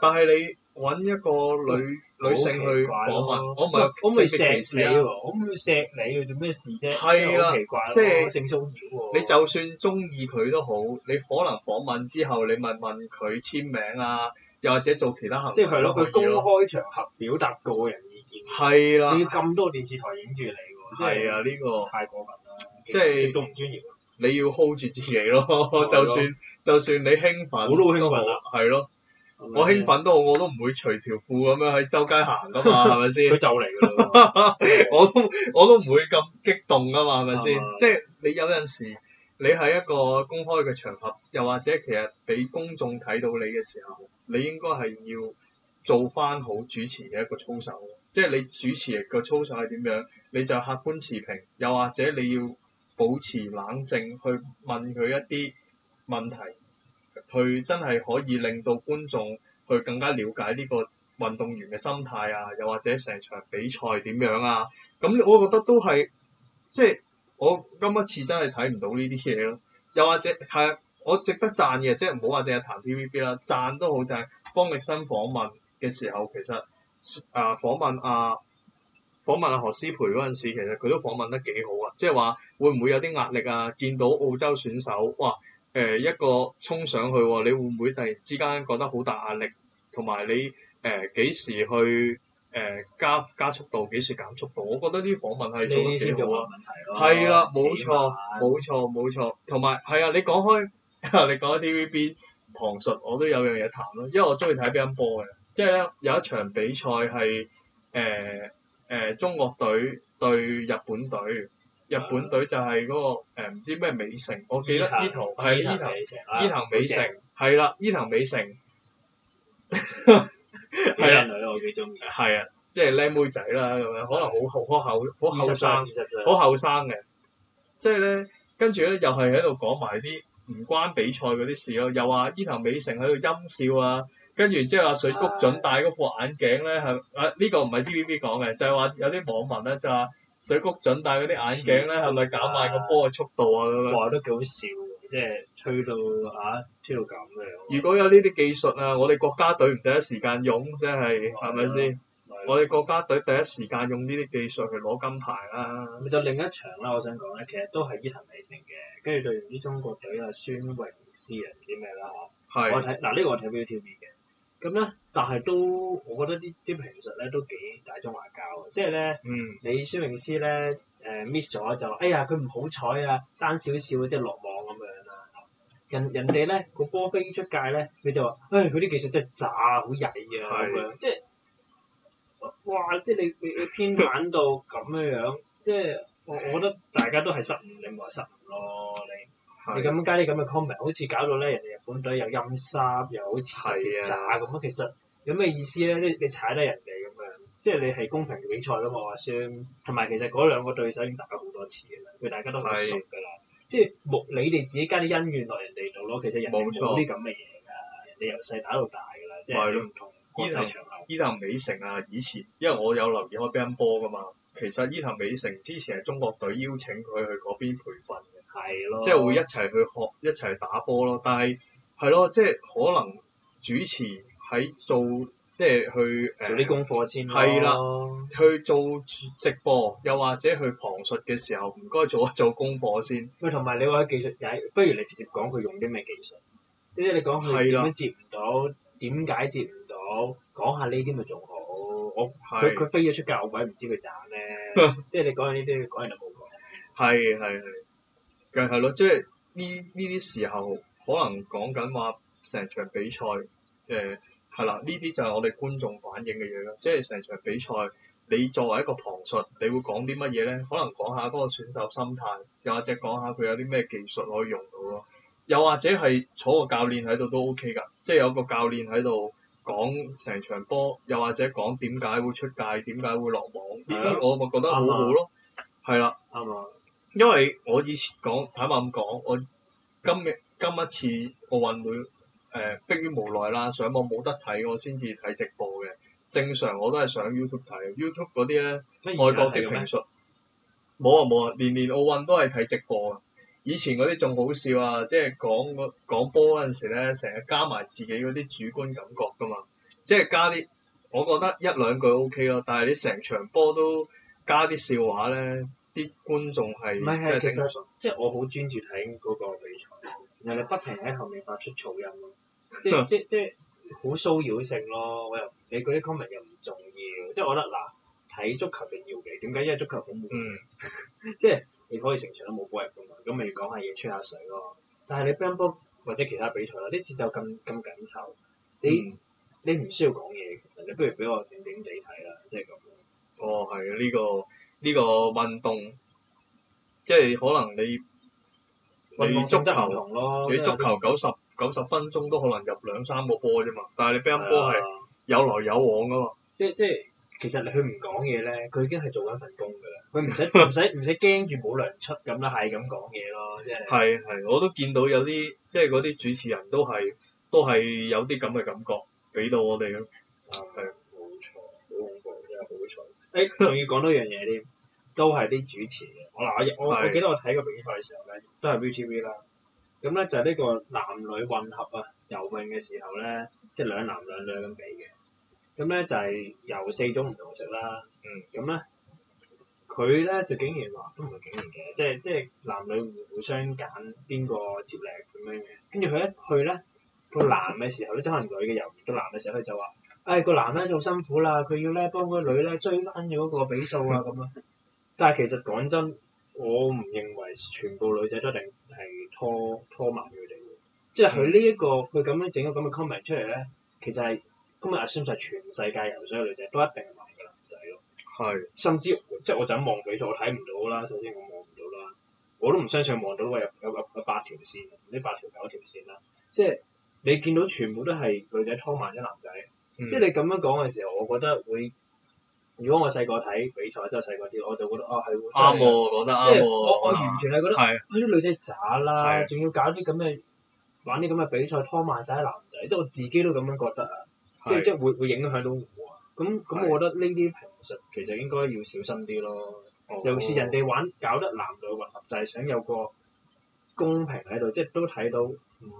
但係你揾一個女女性去訪問，我唔係我唔係錫你，我唔會錫你去做咩事啫，真係好奇怪，即係性騷擾。你就算中意佢都好，你可能訪問之後，你問問佢簽名啊，又或者做其他行為。即係咯，佢公開場合表達個人意見。係啦。要咁多電視台影住你喎，即係太過分啦，即係都唔專業喎。你要 hold 住自己咯，就算就算你興奮，我都好興奮啦，係咯。是是我興奮都好，我都唔會除條褲咁樣喺周街行噶嘛，係咪先？佢就嚟啦，我都我都唔會咁激動噶嘛，係咪先？是是，即係你有陣時，你係一個公開嘅場合，又或者其實俾公眾睇到你嘅時候，你應該係要做翻好主持嘅一個操守。即係你主持嘅個操守係點樣？你就客觀持平，又或者你要保持冷靜去問佢一啲問題。佢真係可以令到觀眾去更加了解呢個運動員嘅心態啊，又或者成場比賽點樣啊？咁、嗯、我覺得都係，即係我今一次真係睇唔到呢啲嘢咯。又或者係我值得讚嘅，即係唔好話淨係彈 TVB 啦，讚都好讚。方力申訪問嘅時候，其實啊呃、訪問啊訪問啊何詩蓓嗰陣時，其實佢都訪問得幾好啊，即係話會唔會有啲壓力啊？見到澳洲選手哇！誒、呃、一個衝上去喎、哦，你會唔會突然之間覺得好大壓力？同埋你誒幾、呃、時去誒、呃、加加速度，幾時減速度？我覺得啲訪問係做得幾好啊。係啦，冇錯，冇萬錯，冇錯，同埋係啊，你講開， 你講 TVB 旁述，我都有樣嘢談咯，因為我中意睇乒乓波嘅，即係咧有一場比賽係誒誒中國隊對日本隊。日本隊就係嗰個唔知咩美誠，我記得伊藤係伊藤伊藤美誠，係啦，伊藤美誠，幾靚女係啊，即係靚妹仔啦咁樣，可能好後好後好後生，好後生嘅。即係咧，跟住咧又係喺度講埋啲唔關比賽嗰啲事咯，又話伊藤美誠喺度陰笑啊，跟住即係阿水谷隼戴嗰副眼鏡咧係啊，呢個唔係 TVB 講嘅，就係話有啲網民咧就話。水谷隼戴嗰啲眼鏡咧，係咪減慢個波嘅速度啊咁樣？話都幾好笑，即係吹到啊，吹到咁樣。啊、如果有呢啲技術啊，我哋國家隊唔第一時間用，即係係咪先？吧吧我哋國家隊第一時間用呢啲技術去攞金牌啦，咪就另一場啦。我想講咧，其實都係伊藤美誠嘅，跟住對完啲中國隊啊、孫穎莎啊唔知咩啦嚇。係是。我睇嗱呢個我睇 B B T 嘅。咁咧，但係都，我覺得啲啲評述咧都幾大中華膠啊，即係咧，嗯你孫泳詩咧，誒 miss 咗就，話哎呀佢唔好彩啊，爭少少即係落網咁樣啦。人人哋咧個波飛出界咧，佢就話誒佢啲技術真係渣好曳啊咁樣，即係是的、就是、哇！即、就、係、是、你你你偏袒到咁樣樣，即係 我我覺得大家都係失誤你唔係失誤咯，你你咁加啲咁嘅 comment，好似搞到咧人哋。隊又陰濕，又好似啊，渣咁啊！其實有咩意思咧？你你踩低人哋咁樣，即係你係公平比賽咯。我話算，同埋其實嗰兩個對手已經打咗好多次噶啦，佢大家都唔熟噶啦。係。即係冇你哋自己加啲恩怨落人哋度咯。其實人哋冇啲咁嘅嘢㗎。冇錯。人哋由細打到大㗎啦。係。即係都唔同，伊藤美誠啊，以前因為我有留意開乒乓波㗎嘛。其實伊藤美誠之前係中國隊邀請佢去嗰邊培訓嘅，即係係咯，會一齊去學、一齊打波咯。但係係咯，即係可能主持喺做即係去誒做啲功課先咯。係啦，去做直播又或者去旁述嘅時候，唔該做一做功課先。佢同埋你話技術嘢，不如你直接講佢用啲咩技術。即係你講佢點接唔到，點解接唔到？講下呢啲咪仲好。我佢佢飛咗出界，我鬼唔知佢掙咩？即係你講下呢啲，講人就冇講。係係係，梗係咯，即係呢呢啲時候。可能講緊話成場比賽，誒、呃、係啦，呢啲就係我哋觀眾反映嘅嘢咯。即係成場比賽，你作為一個旁述，你會講啲乜嘢咧？可能講下嗰個選手心態，又或者講下佢有啲咩技術可以用到咯。又或者係坐個教練喺度都 O K 㗎，即係有個教練喺度講成場波，又或者講點解會出界、點解會落網呢啲，啊、我咪覺得好好咯。係吧啦，啱嘛因為我以前講坦白咁講，我今日。今一次奧運會，誒、呃、迫於無奈啦，上網冇得睇，我先至睇直播嘅。正常我都係上 you YouTube 睇，YouTube 嗰啲咧外國嘅評述。冇啊冇啊，年年、啊、奧運都係睇直播啊！以前嗰啲仲好笑啊，即係講講波嗰陣時咧，成日加埋自己嗰啲主觀感覺㗎嘛，即係加啲。我覺得一兩句 OK 咯，但係你成場波都加啲笑話咧，啲觀眾係即係即係我好專注睇嗰個比賽。人哋不停喺後面發出噪音咯，即即即好騷擾性咯，我又你嗰啲 comment 又唔重要，即係我覺得嗱睇足球定要嘅，點解？因為足球好悶，即係你可以成場都冇波入嘅嘛，咁咪講下嘢吹下水咯。但係你乒乓或者其他比賽啦，啲節奏咁咁緊湊，你你唔需要講嘢其實，你不如俾我靜靜地睇啦，即係咁。哦，係啊，呢個呢個運動即係可能你。你足球，你足球九十九十分鐘都可能入兩三個波啫嘛，但係你乒乓波係有來有往噶嘛，啊。即即其實你佢唔講嘢咧，佢已經係做緊份工㗎啦。佢唔使唔使唔使驚住冇糧出咁啦，係咁講嘢咯，即係。係係，我都見到有啲即係嗰啲主持人都係都係有啲咁嘅感覺俾到我哋咯。啊，係冇錯，好恐怖，真係好彩。誒、 哎，仲要講多樣嘢添。 都係啲主持嘅，我嗱我我我記得我睇個比賽嘅時候咧，都係 V T V 啦。咁咧就係呢個男女混合啊，游泳嘅時候咧，即係兩男兩女咁比嘅。咁咧就係游四種唔同食啦。嗯。咁咧，佢咧就竟然話，都唔係竟然嘅，即係即係男女互相揀邊個接力咁樣嘅。跟住佢一去咧，個男嘅時候咧，即可能女嘅游泳個男嘅時候，佢 就話，誒、哎、個男咧就好辛苦啦，佢要咧幫個女咧追翻咗嗰個比數啊咁啊！ 但係其實講真，我唔認為全部女仔都一定係拖拖慢佢哋，即係佢呢一個佢咁樣整個咁嘅 comment 出嚟咧，其實係 I assume 就全世界游水嘅女仔都一定係慢嘅男仔咯。係。是的 甚至即係我就咁望比賽，我睇唔到啦，首先我望唔到啦，我都唔相信望到個有有八條線，呢八條九條線啦，即係你見到全部都係女仔拖埋啲男仔，嗯、即係你咁樣講嘅時候，我覺得會。如果我細個睇比賽，真係細個啲，我就覺得哦係喎，啱喎，攞得啱喎，即係我我完全係覺得係啲女仔渣啦，仲要搞啲咁嘅玩啲咁嘅比賽拖慢晒啲男仔，即係我自己都咁樣覺得啊，即係即係會會影響到我。咁咁，我覺得呢啲評述其實應該要小心啲咯，尤其是人哋玩搞得男女混合，就係想有個公平喺度，即係都睇到唔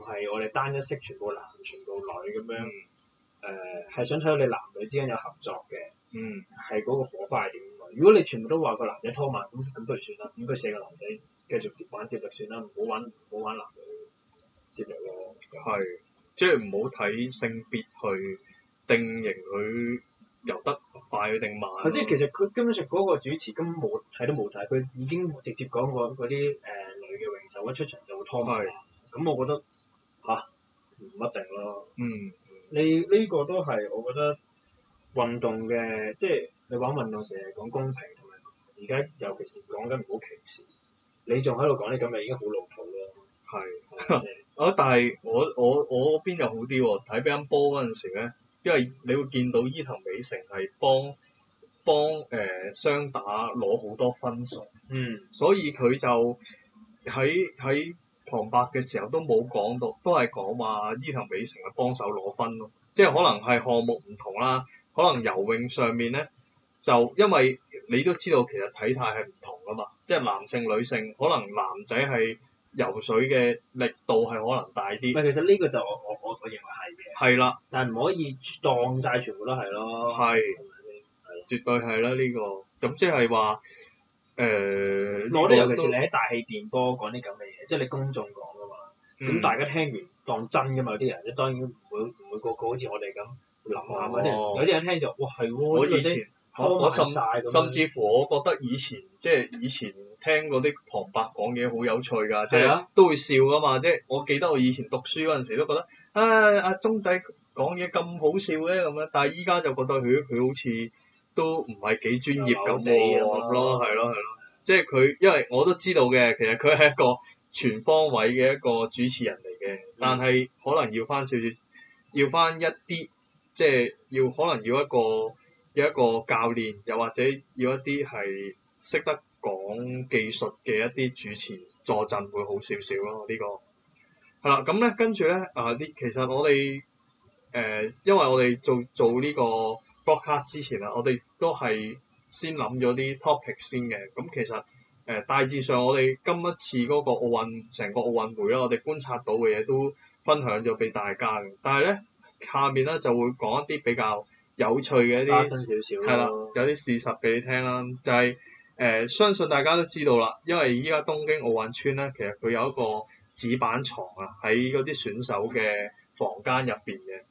係我哋單一色全部男全部女咁樣，誒係想睇到你男女之間有合作嘅。嗯，係嗰個火花係點樣？如果你全部都話個男仔拖慢咁，咁不如算啦。咁佢四個男仔繼續玩接力算啦，唔好玩唔好玩男嘅接力咯。係，即係唔好睇性別去定型佢游得快定慢。即係其實佢根本上嗰個主持根本冇睇都冇睇，佢已經直接講過嗰啲誒女嘅泳手一出場就會拖埋。咁我覺得吓，唔一定咯。嗯，你呢個都係我覺得。運動嘅，即係你玩運動成日講公平，同埋而家尤其是講緊唔好歧視，你仲喺度講啲咁嘅已經好老土咯。係，啊！但係我我我嗰邊又好啲喎，哦，睇乒乓波嗰陣時咧，因為你會見到伊藤美誠係幫幫誒、呃、雙打攞好多分數，嗯，所以佢就喺喺旁白嘅時候都冇講到，都係講話伊藤美誠係幫手攞分咯，哦，即係可能係項目唔同啦。可能游泳上面咧，就因為你都知道其實體態係唔同噶嘛，即係男性女性，可能男仔係游水嘅力度係可能大啲。其實呢個就我我我認為係嘅。係啦的。但係唔可以當晒全部都係咯。係。絕對係啦，呢、這個。咁、呃、即係話，誒，我哋尤其係你喺大氣電波講啲咁嘅嘢，即係你公眾講噶嘛。咁大家聽完、嗯、當真噶嘛？有啲人，當然唔會唔會個個好似我哋咁。諗下喎，嗯啊、有啲人聽就哇係喎，啊、我以前嚇我甚甚至乎我覺得以前即係以前聽嗰啲旁白講嘢好有趣㗎，啊、即係都會笑㗎嘛，即係我記得我以前讀書嗰陣時都覺得啊阿鐘、啊、仔講嘢咁好笑嘅咁樣，但係依家就覺得佢佢好似都唔係幾專業咁嘅咁咯，係咯係咯，即係佢因為我都知道嘅，其實佢係一個全方位嘅一個主持人嚟嘅，但係可能要翻少少要翻一啲。即係要可能要一個要一個教練，又或者要一啲係識得講技術嘅一啲主持助陣會好少少咯。這個、呢個係啦，咁咧跟住咧啊，啲其實我哋誒、呃，因為我哋做做呢個 blog 卡之前啊，我哋都係先諗咗啲 topic 先嘅。咁、嗯、其實誒、呃、大致上我哋今一次嗰個奧運成個奧運會啊，我哋觀察到嘅嘢都分享咗俾大家嘅，但係咧。下面咧就會講一啲比較有趣嘅一啲係啦，有啲事實俾你聽啦，就係、是、誒、呃、相信大家都知道啦，因為依家東京奧運村咧，其實佢有一個紙板床啊，喺嗰啲選手嘅房間入邊嘅。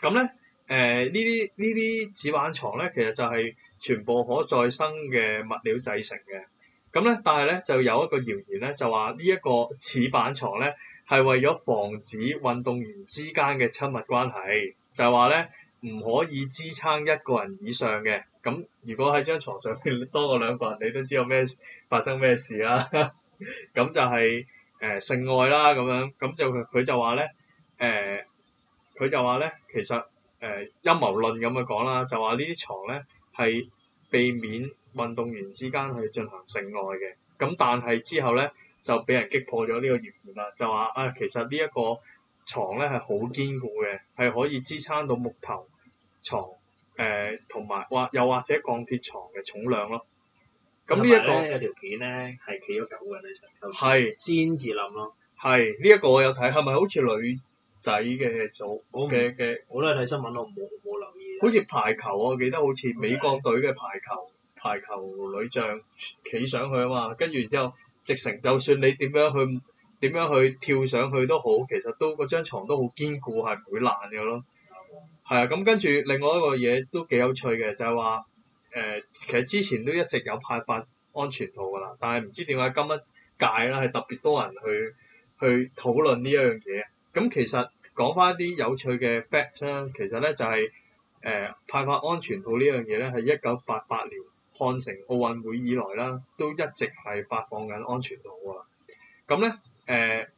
咁咧，誒呢啲呢啲紙板床咧，其實就係全部可再生嘅物料製成嘅。咁咧，但係咧就有一個謠言咧，就話呢一個紙板床咧。係為咗防止運動員之間嘅親密關係，就係話咧唔可以支撐一個人以上嘅。咁如果喺張床上邊多過兩個人，你都知有咩發生咩事啦。咁 就係、是、誒、呃、性愛啦，咁樣咁就佢就話咧誒，佢、呃、就話咧其實誒、呃、陰謀論咁樣講啦，就話呢啲床咧係避免運動員之間去進行性愛嘅。咁但係之後咧。就俾人擊破咗呢個預言啦！就話啊，其實呢一個床咧係好堅固嘅，係可以支撐到木頭床誒同埋或又或者鋼鐵床嘅重量咯。咁、嗯這個、呢一個有條片咧係企咗九嘅呢層，係先至冧咯。係呢一個我有睇，係咪好似女仔嘅組嘅嘅？嗯、我都係睇新聞，我冇冇留意。好似排球，我記得好似美國隊嘅排球的排球女將企上去啊嘛，跟住然之後，然後。直成就算你點樣去點樣去跳上去都好，其實都嗰張牀都好堅固，係唔會爛嘅咯。係啊，咁跟住另外一個嘢都幾有趣嘅，就係話誒，其實之前都一直有派發安全套㗎啦，但係唔知點解今一屆啦係特別多人去去討論呢一樣嘢。咁其實講翻啲有趣嘅 fact 啦，其實咧就係、是、誒、呃、派發安全套呢樣嘢咧係一九八八年。漢城奧運會以來啦，都一直係發放緊安全套啊。咁咧，誒、呃，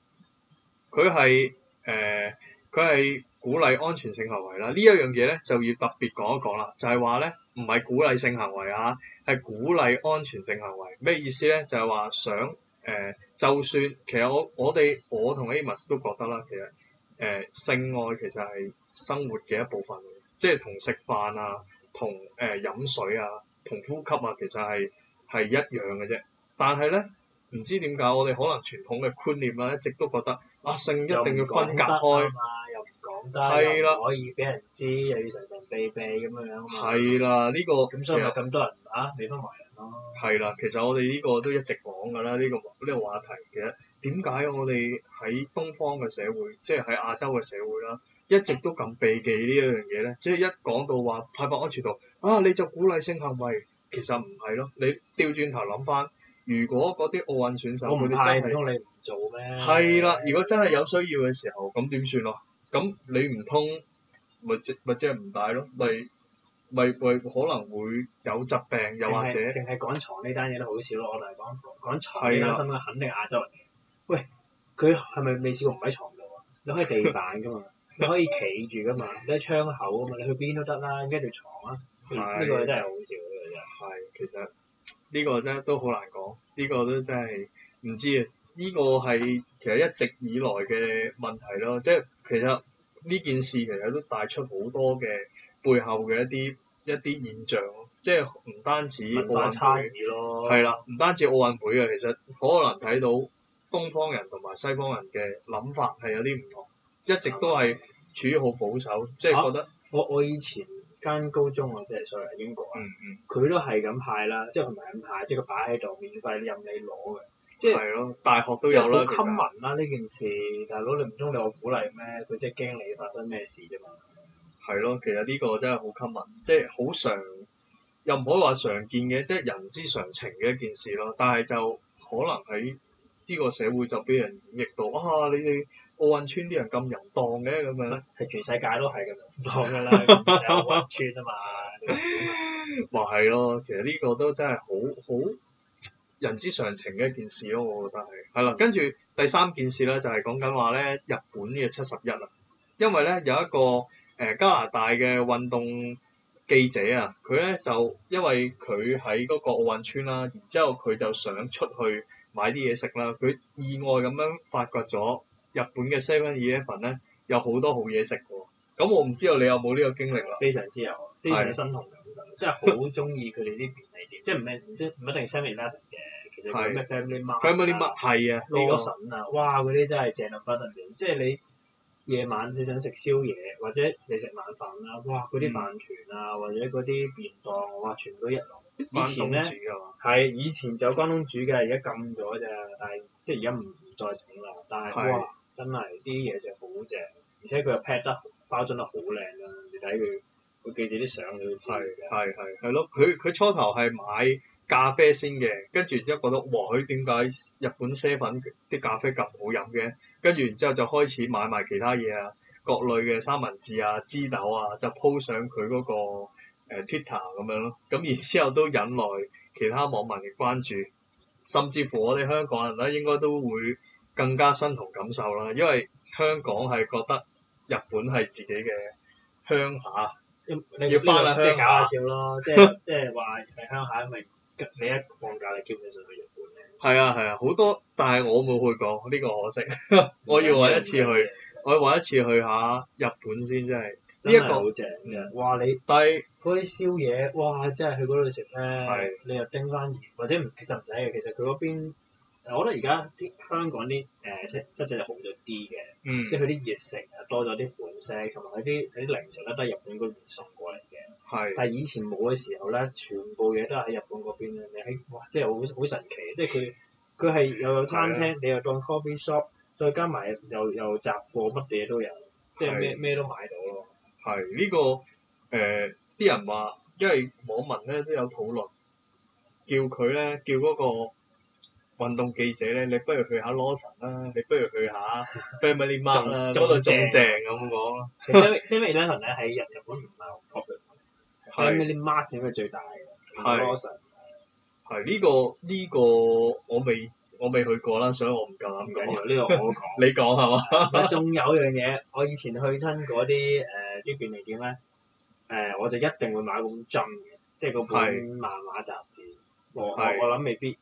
佢係誒佢係鼓勵安全性行為啦。呢一樣嘢咧就要特別講一講啦，就係話咧唔係鼓勵性行為啊，係鼓勵安全性行為。咩、就是啊、意思咧？就係、是、話想誒、呃，就算其實我我哋我同 Amiss 都覺得啦，其實誒、呃、性愛其實係生活嘅一部分，即係同食飯啊，同誒飲、呃、水啊。同呼吸啊，其實係係一樣嘅啫。但係咧，唔知點解我哋可能傳統嘅觀念啊，一直都覺得啊，性一定要分隔開，又唔講得，又唔的可以俾人知，又要神神秘秘咁樣、呢個、樣。係啦，呢個咁所以有咁多人啊，你不埋人咯。係啦，其實我哋呢個都一直講㗎啦，呢、呢個呢、呢個話題其實點解我哋喺東方嘅社會，即係喺亞洲嘅社會啦，一直都咁避忌呢一樣嘢咧？即係一講到話泰伯安全度。哇、啊！你就鼓勵性行為，其實唔係咯。你調轉頭諗翻，如果嗰啲奧運選手我哋真唔通你唔做咩？係啦的，的如果真係有需要嘅時候，咁點算咯？咁你唔通咪即咪即係唔帶咯？咪咪咪可能會有疾病，又或者淨係講床呢單嘢都好少咯。我同你講講床，呢單心啦，肯定亞洲人。喂，佢係咪未試過唔喺床度啊？ 你可以地板㗎嘛，你可以企住㗎嘛，你喺窗口㗎嘛，你去邊都得啦，跟住床。啊？呢、嗯、個真係好笑嘅，真係是。係，其實呢個真係都好難講，呢、這個都真係唔知啊！呢、這個係其實一直以來嘅問題咯，即係其實呢件事其實都帶出好多嘅背後嘅一啲一啲現象，即係唔單止奧運會，係啦，唔吧單止奧運會嘅，其實可能睇到東方人同埋西方人嘅諗法係有啲唔同，一直都係處於好保守，吧即係覺得我我以前。間高中啊，即係所謂英國啊，佢、嗯、都係咁派啦，嗯、即係唔係咁派，即係佢擺喺度 免費任你攞嘅，即係的大學都有啦。即係好 common 啦呢件事，大佬，你唔通你話鼓勵咩？佢即係驚你發生咩事啫嘛。係咯，其實呢個真係好 common，即係好常又唔可以話常見嘅，即係人之常情嘅一件事咯。但係就可能喺呢個社會就俾人逆到啊！你你。奧運村啲人咁淫蕩嘅咁樣，係全世界都係咁淫蕩㗎啦，奧運 村啊嘛，咪係咯，其實呢個都真係好好人之常情嘅一件事咯，我覺得係係啦。跟 住、嗯、第三件事咧，就係講緊話咧，日本嘅七十一啦，因為咧有一個誒、呃、加拿大嘅運動記者啊，佢咧就因為佢喺嗰個奧運村啦，然之後佢就想出去買啲嘢食啦，佢意外咁樣發掘咗。日本嘅 Seven Eleven 咧有好多好嘢食喎，咁我唔知道你有冇呢個經歷啦。非常之有，非常心同感受。本身，真係好中意佢哋啲便利店，即係唔係即唔一定 Seven Eleven 嘅，其實佢哋嘅 Family Mart，Family Mart 係啊，Lawson 啊，哇！嗰啲真係正到不得了，即係你夜晚你想食宵夜或者你食晚飯啦，哇！嗰啲飯團啊或者嗰啲便當哇，全都一流。以前咧係以前就關東煮嘅，而家禁咗啫，但係即係而家唔唔再整啦，但係。真係啲嘢食好正，而且佢又 pack 得包裝得好靚啊。你睇佢會記住啲相佢。係係係係咯，佢佢初頭係買咖啡先嘅，跟住然之後覺得，哇！佢點解日本啡粉啲咖啡咁好飲嘅？跟住然之後就開始買埋其他嘢啊，各類嘅三文治啊、枝豆啊，就 po 上佢嗰、嗰個、呃、Twitter 咁樣咯。咁然之後都引來其他網民嘅關注，甚至乎我哋香港人咧、啊、應該都會。更加身同感受啦，因為香港係覺得日本係自己嘅鄉下，你，你要翻啊，即係搞下笑咯，即係即係話喺鄉下，咪你一放假你基本上去日本咧。係啊係啊，好、啊、多，但係我冇去過，呢、這個可惜。 我要話一次去，我要話一次去一下日本先，真係呢一個好正。你。但係嗰啲宵夜，哇！真係去嗰度食咧，的你又叮翻鹽，或者唔其實唔使嘅，其實佢嗰邊。我覺得而家啲香港啲誒、呃、質質就好咗啲嘅，嗯、即係佢啲熱食啊多咗啲款式，同埋佢啲佢零食都係日本嗰邊送過嚟嘅。係是。但係以前冇嘅時候咧，全部嘢都係喺日本嗰邊咧。你、哎、喺哇，即係好好神奇，即係佢佢係又有餐廳，的你又當 coffee shop，再加埋又又雜貨，乜嘢都有，即係咩咩都買到咯。係呢、這個誒，啲、呃、人話，因為網民咧都有討論，叫佢咧叫嗰、那個。運動記者咧，你不如去下 Lawson 啦、啊，你不如去下 FamilyMart 啦、啊，嗰度仲正咁講。其實 Benjamin Mark 咧喺日本都唔係好 popular，Benjamin Mark 先係最大嘅。Lawson，係呢個呢、這個我未我未去過啦，所以我唔夠膽講。呢、這個我講， 你講係嘛？仲有樣嘢，我以前去親嗰啲便利店咧，我就一定會買本 Jump 嘅，即係嗰本漫畫雜誌，是我諗未必。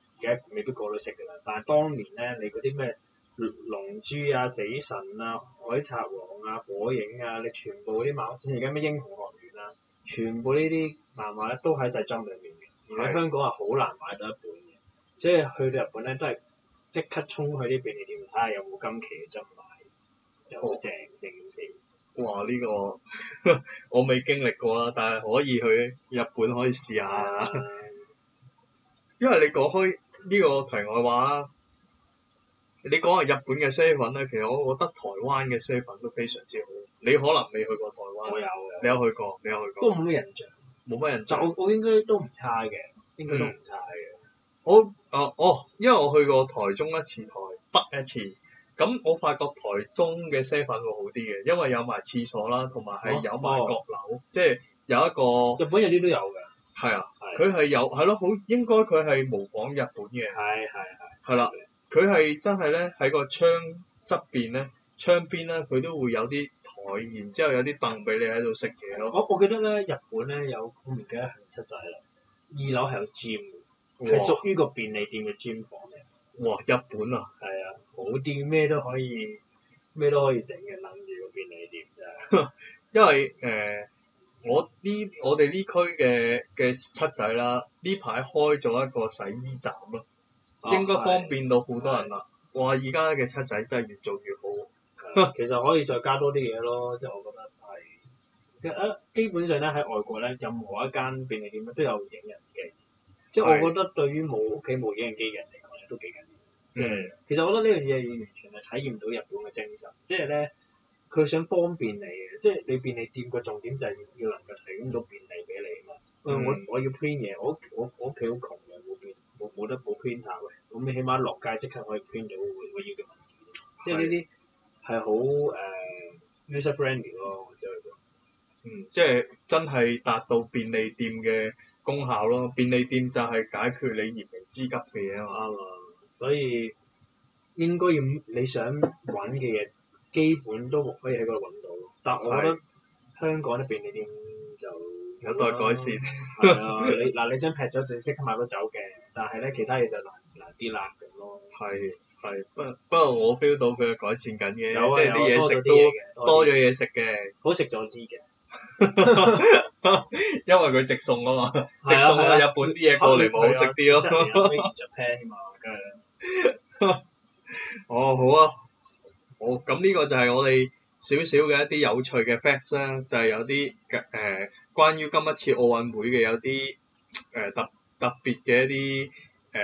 未都過到食噶啦，但係當年咧，你嗰啲咩龍珠啊、死神啊、海賊王啊、火影啊，你全部嗰啲漫畫，而家咩英雄學院啊，全部呢啲漫畫咧都喺細樽裏面嘅，而喺香港係好難買到一本嘅，即的係去到日本咧都係即刻衝去啲便利店睇下有冇今期嘅樽買，就好正正先，哦。哇！呢、呢個我未經歷過啦，但係可以去日本可以試下。的 因為你過去。呢個題外話啦，你講下日本嘅 seven 咧，其實我覺得台灣嘅 seven 都非常之好。你可能未去過台灣，你有去過？你有去過？都冇乜印象，冇乜印象。我我應該都唔差嘅，應該都唔差嘅。我、嗯、啊，我、哦、因為我去過台中一次台，台北一次，咁我發覺台中嘅 seven 會好啲嘅，因為有埋廁所啦，同埋係有埋閣樓，哇即係有一個日本有啲都有嘅。係啊，佢係、啊、有係咯，好、啊、應該佢係模仿日本嘅，係係係，係啦，佢係、啊、真係咧喺個窗側邊咧，窗邊咧佢都會有啲台，然之後有啲凳俾你喺度食嘢咯。我、啊、我記得咧，日本咧有，我唔記得係唔七仔啦，二樓係有 gym 嘅哇，係屬於個便利店嘅 gym 房嘅。哇！日本啊，係啊，好啲咩都可以，咩都可以整嘅。諗住個便利店咋？因為誒。呃我呢我哋呢區嘅嘅七仔啦，呢排開咗一個洗衣站咯，啊、應該方便到好多人啦。哇的！而家嘅七仔真係越做越好，其實可以再加多啲嘢咯，即係我覺得係。其實啊，基本上咧喺外國咧，任何一間便利店都有影印機，即係的我覺得對於冇屋企冇影印機嘅人嚟講咧都幾緊要。嗯的、就是。其實我覺得呢樣嘢要完全係體驗到日本嘅精神，即係咧。佢想方便你嘅，即係你便利店個重點就係要，要能夠提供到便利俾你啊嘛。我、嗯嗯、我要 print 嘢，我我我屋企好窮嘅，冇冇冇得冇 printer 嘅，咁你起碼落街即刻可以 print 到我我要嘅物件。即係呢啲係好誒 user friendly 咯，即係嗯，即係真係達到便利店嘅功效咯。便利店就係解決你燃眉之急嘅嘢啊嘛，所以應該要你想揾嘅嘢。 基本都可以喺嗰度揾到，但我覺得香港啲便利店就有待改善。係 啊，你嗱你將劈酒正式買到酒嘅，但係咧其他嘢就難難啲難嘅咯。係係，不過不過我 feel 到佢改善緊嘅，即係啲嘢食都多咗嘢食嘅。好食咗啲嘅， 因為佢直送啊嘛，直送日本啲嘢過嚟好食啲咯。可以 Japan 㗎嘛，哦，好好，好啊。哦，咁呢個就係我哋少少嘅一啲有趣嘅 facts 啦，就係有啲嘅誒，關於今一次奧運會嘅有啲誒特特別嘅一啲誒、呃、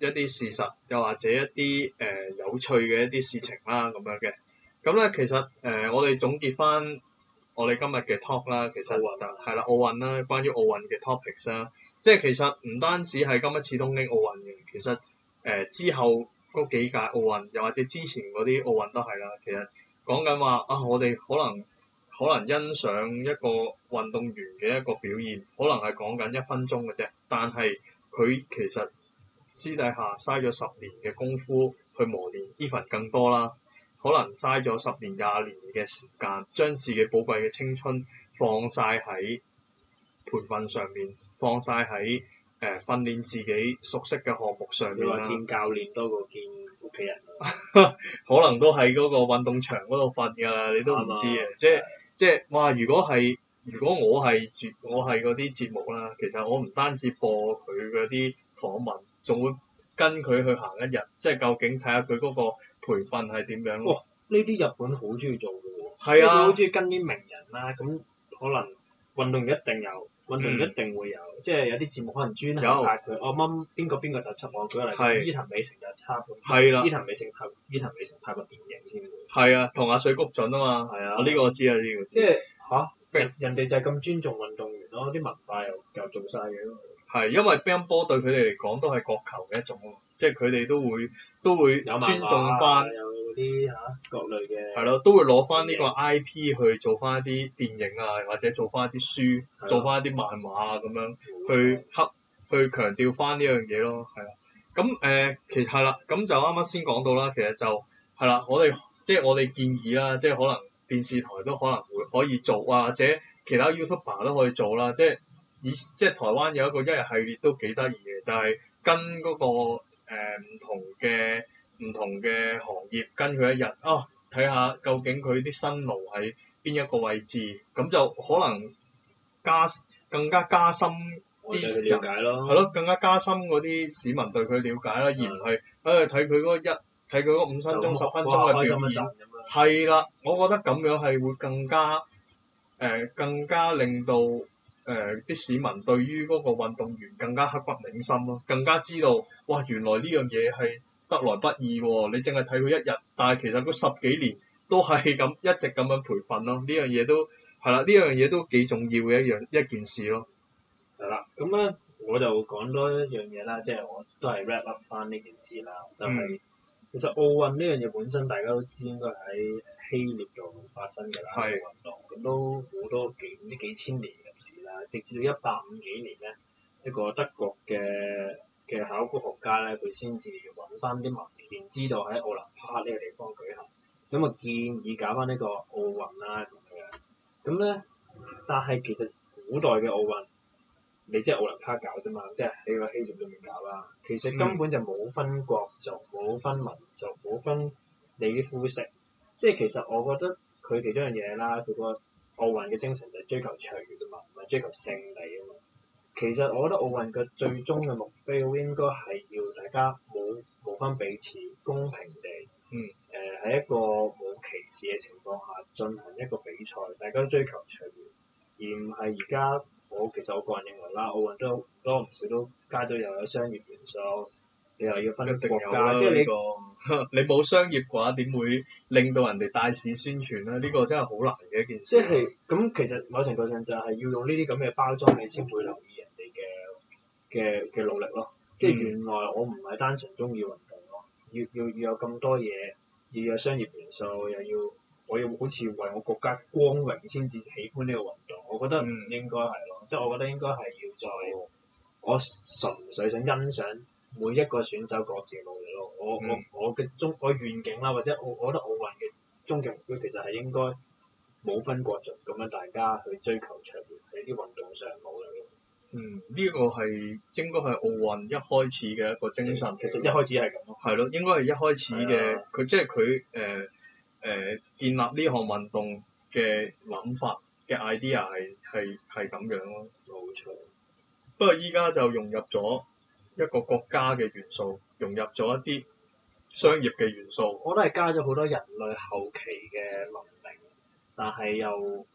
一啲事實，又或者一啲誒、呃、有趣嘅一啲事情啦咁樣嘅。咁咧其實誒我哋總結翻我哋今日嘅 talk 啦，其實就係啦奧運啦，關於奧運嘅 topics 啦、啊，即係其實唔單止係今一次東京奧運嘅，其實誒、呃、之後，嗰幾屆奧運，又或者之前嗰啲奧運都係啦，其實講緊話啊，我哋可能可能欣賞一個運動員嘅一個表現，可能係講緊一分鐘嘅啫，但係佢其實私底下嘥咗十年嘅功夫去磨練，even 更多啦，可能嘥咗十年廿年嘅時間，將自己寶貴嘅青春放晒喺培訓上面，放晒喺，誒訓練自己熟悉嘅項目上面，啦。見教練多過見屋企人，啊， 可能都喺嗰個運動場嗰度瞓㗎，你都唔知啊！即係即係哇！如果係如果我係我係嗰啲節目啦，其實我唔單止播佢嗰啲訪問，仲會跟佢去行一日，即係究竟睇下佢嗰個培訓係點樣。哇！呢啲日本好中意做㗎喎，佢好中意跟啲名人啦，啊，咁可能運動一定有。運動一定會有，即係有啲節目可能專去拍佢。我啱啱邊個邊個突出，我舉例，伊藤是美誠就差，伊藤的美誠拍，伊藤美誠拍個電影添。係啊，同阿水谷隼啊嘛，係啊，呢個我知、這個、我知啊，呢個知。即係嚇，人哋就係咁尊重運動員咯，啲別文化又又做晒嘢咯。係，因為乒乓波對佢哋嚟講都係國球嘅一種啊，即係佢哋都會都會尊重翻有啲嚇、啊、各類嘅係咯，都會攞翻呢個 IP 去做翻一啲電影啊，或者做翻一啲書，的做翻一啲漫畫啊咁樣，的去的去強調翻呢樣嘢咯，係啊，咁誒、呃、其他係啦，咁就啱啱先講到啦，其實就係啦，我哋即係我哋建議啦，即係可能電視台都可能會可以做啊，或者其他 YouTuber 都可以做啦，即係。即係台灣有一個一日系列都幾得意嘅，就係、是、跟嗰、那個唔、呃、同嘅唔同嘅行業跟佢一日，哦睇下究竟佢啲新路喺邊一個位置，咁就可能加更加加深啲了解係咯，更加加深嗰啲市民對佢了解啦，的而唔係誒睇佢嗰一睇佢嗰五分鐘、十分鐘嘅表現，係啦，我覺得咁樣係會更加誒、呃、更加令到。誒啲、呃、市民對於嗰個運動員更加刻骨銘心咯，更加知道哇原來呢樣嘢係得來不易喎。你淨係睇佢一日，但係其實佢十幾年都係咁一直咁樣培訓咯。呢樣嘢都係啦，呢樣嘢都幾重要嘅一樣一件事咯。係啦，咁咧我就講多一樣嘢啦，即、就、係、是、我都係 wrap up 返呢件事啦，就係、是嗯、其實奧運呢樣嘢本身大家都知應該喺希臘度發生嘅啦，的運動咁都好多幾唔知幾千年嘅事啦。直至到一百五幾年咧，一個德國嘅嘅考古學家咧，佢先至揾翻啲文獻，知道喺奧林匹克呢個地方舉行。咁啊，建議搞翻呢個奧運啦，係啊。咁、嗯、咧，但係其實古代嘅奧運，你即係奧林匹克搞啫嘛，即係喺個希臘裏面搞啦。其實根本就冇分國族，冇分民族，冇分你啲膚色。即係其實我覺得佢其中一樣嘢啦，佢個奧運嘅精神就係追求卓越啊嘛，唔係追求勝利啊嘛。其實我覺得奧運嘅最終嘅目標應該係要大家冇冇分彼此，公平地，嗯，誒喺、呃、一個冇歧視嘅情況下進行一個比賽，大家都追求卓越，而唔係而家我其實我個人認為啦，奧運都多唔少都加咗有咗商業元素。你又要分一個國家，即係你， 你冇商業嘅話，點會令到人哋大肆宣傳咧？呢、嗯、個真係好難嘅一件事。即係咁，其實某程度上就係要用呢啲咁嘅包裝你先會留意人哋嘅嘅嘅努力咯。即係原來我唔係單純鍾意運動咯，要要要有咁多嘢，要有商業元素，又要我要好似為我國家光榮先至喜歡呢個運動。我覺得唔應該係咯，即係我覺得應該係要再我純粹想欣賞。每一個選手各自努力咯。我、嗯、我我嘅中我願景啦，或者我我覺得奧運嘅終極目標佢其實係應該冇分國籍咁樣，大家去追求卓越喺啲運動上冇啦。嗯，呢、這個係應該係奧運一開始嘅一個精神。其實一開始係咁咯。係咯，應該係一開始嘅佢的，即係佢誒誒建立呢項運動嘅諗法嘅 idea 係係係咁樣咯。冇錯。不過依家就融入咗。一個國家嘅元素融入咗一啲商業嘅元素，元素我都係加咗好多人類後期嘅能力，但係又唔，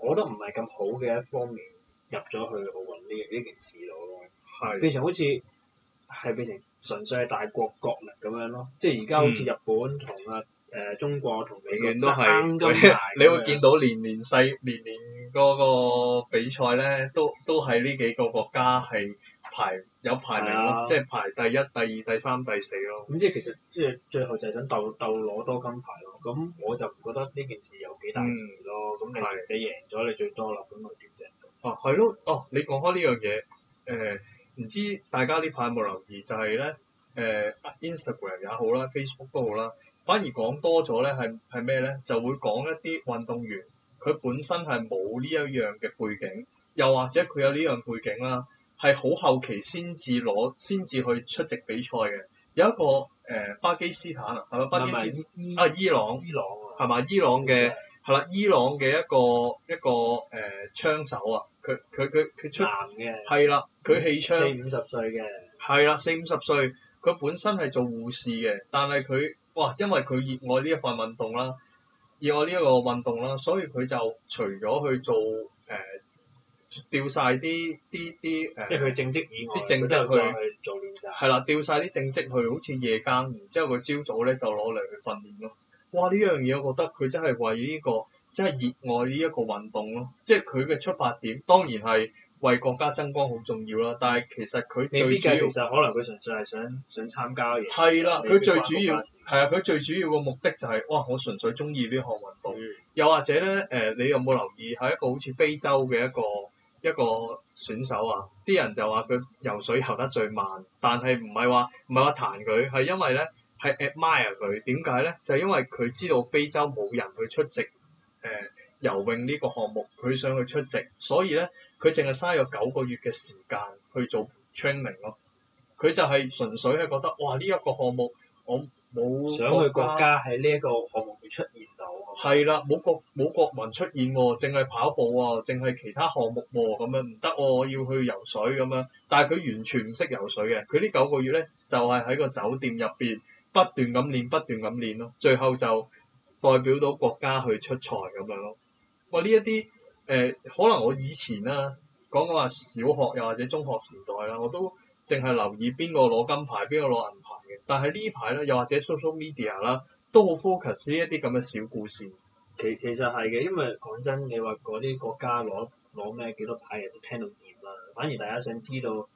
我覺得唔係咁好嘅一方面入咗去奧運呢呢件事度，是變成好似係變成純粹係大國國力咁樣咯。即係而家好似日本同啊誒中國同美國應該都係， 你會見到年年世年年嗰個比賽咧，都都係呢幾個國家係。排有排名咯，啊、即係排第一、第二、第三、第四咯。咁即係其實即係最後就係想鬥鬥攞多金牌咯。咁、嗯、我就唔覺得呢件事有幾大意義咯。咁、嗯、你的你贏咗你最多啦，咁咪點啫？哦、啊，係咯。哦，你講開呢樣嘢，誒、呃、唔知大家呢排有冇留意？就係、是、咧，誒、呃、Instagram 也好啦，Facebook 都好啦，反而講多咗咧，係係咩咧？就會講一啲運動員，佢本身係冇呢一樣嘅背景，又或者佢有呢樣背景啦。係好後期先至攞，先至去出席比賽嘅。有一個誒、呃、巴基斯坦啊，係咪巴基斯坦是是啊？伊朗。伊朗啊。係咪？伊朗嘅係啦，伊朗嘅一個、嗯、一個誒槍、呃、手啊，佢佢佢佢出男嘅係啦，佢起槍四五十歲嘅係啦，四五十歲，佢本身係做護士嘅，但係佢哇，因為佢熱愛呢一份運動啦，熱愛呢一個運動啦，所以佢就除咗去做誒。呃調晒啲啲啲誒，即係佢正職，啲、呃、正職去做，係啦，調曬啲正職去，好似夜更，然之後佢朝早咧就攞嚟去訓練咯。哇！呢樣嘢我覺得佢真係為呢、這個，真係熱愛呢一個運動咯。即係佢嘅出發點，當然係為國家增光好重要啦。但係其實佢，最主要，其實可能佢純粹係想想參加嘅。係啦，佢最主要係啊！佢最主要嘅目的就係、是、哇！我純粹中意呢項運動。嗯、又或者咧誒、呃，你有冇留意係一個好似非洲嘅一個？一個選手啊，啲人就話佢游水游得最慢，但係唔係話唔係話彈佢，係因為咧係 admire 佢。點解咧？就係、是、因為佢知道非洲冇人去出席誒、呃、游泳呢個項目，佢想去出席，所以咧佢淨係嘥咗九個月嘅時間去做 training 咯。佢就係純粹係覺得，哇！呢、這、一個項目我冇想去國家喺呢一個項目會出現到。係啦，冇國冇國民出現喎，淨係跑步啊，淨係其他項目喎、啊，咁樣唔得喎，哦、我要去游水咁樣。但係佢完全唔識游水嘅，佢呢九個月咧就係、是、喺個酒店入邊不斷咁練，不斷咁練咯。最後就代表到國家去出賽咁樣咯。我呢一啲誒、呃，可能我以前啦講講話小學又或者中學時代啦，我都淨係留意邊個攞金牌，邊個攞銀牌嘅。但係呢排咧，又或者 social media 啦。都好 focus 呢一啲咁嘅小故事，其其實係嘅，因為講真，你話嗰啲國家攞攞咩幾多牌，人都聽到厭啦。反而大家想知道，誒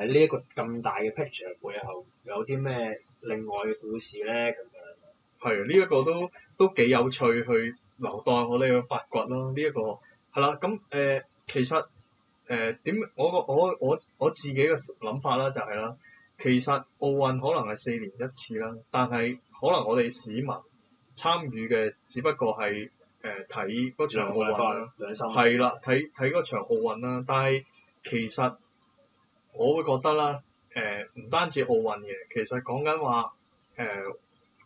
喺呢一個咁大嘅 picture 背後有啲咩另外嘅故事咧？咁樣係呢一個都都幾有趣，去留待我哋去發掘咯。呢一個係啦，咁誒其實誒點我個我我我自己嘅諗法啦，就係啦，其實奧運可能係四年一次啦，但係。可能我哋市民參與嘅只不過係誒睇嗰場奧運啦，係啦，睇睇嗰場奧運啦。但係其實我會覺得啦，誒、呃、唔單止奧運嘅，其實講緊話誒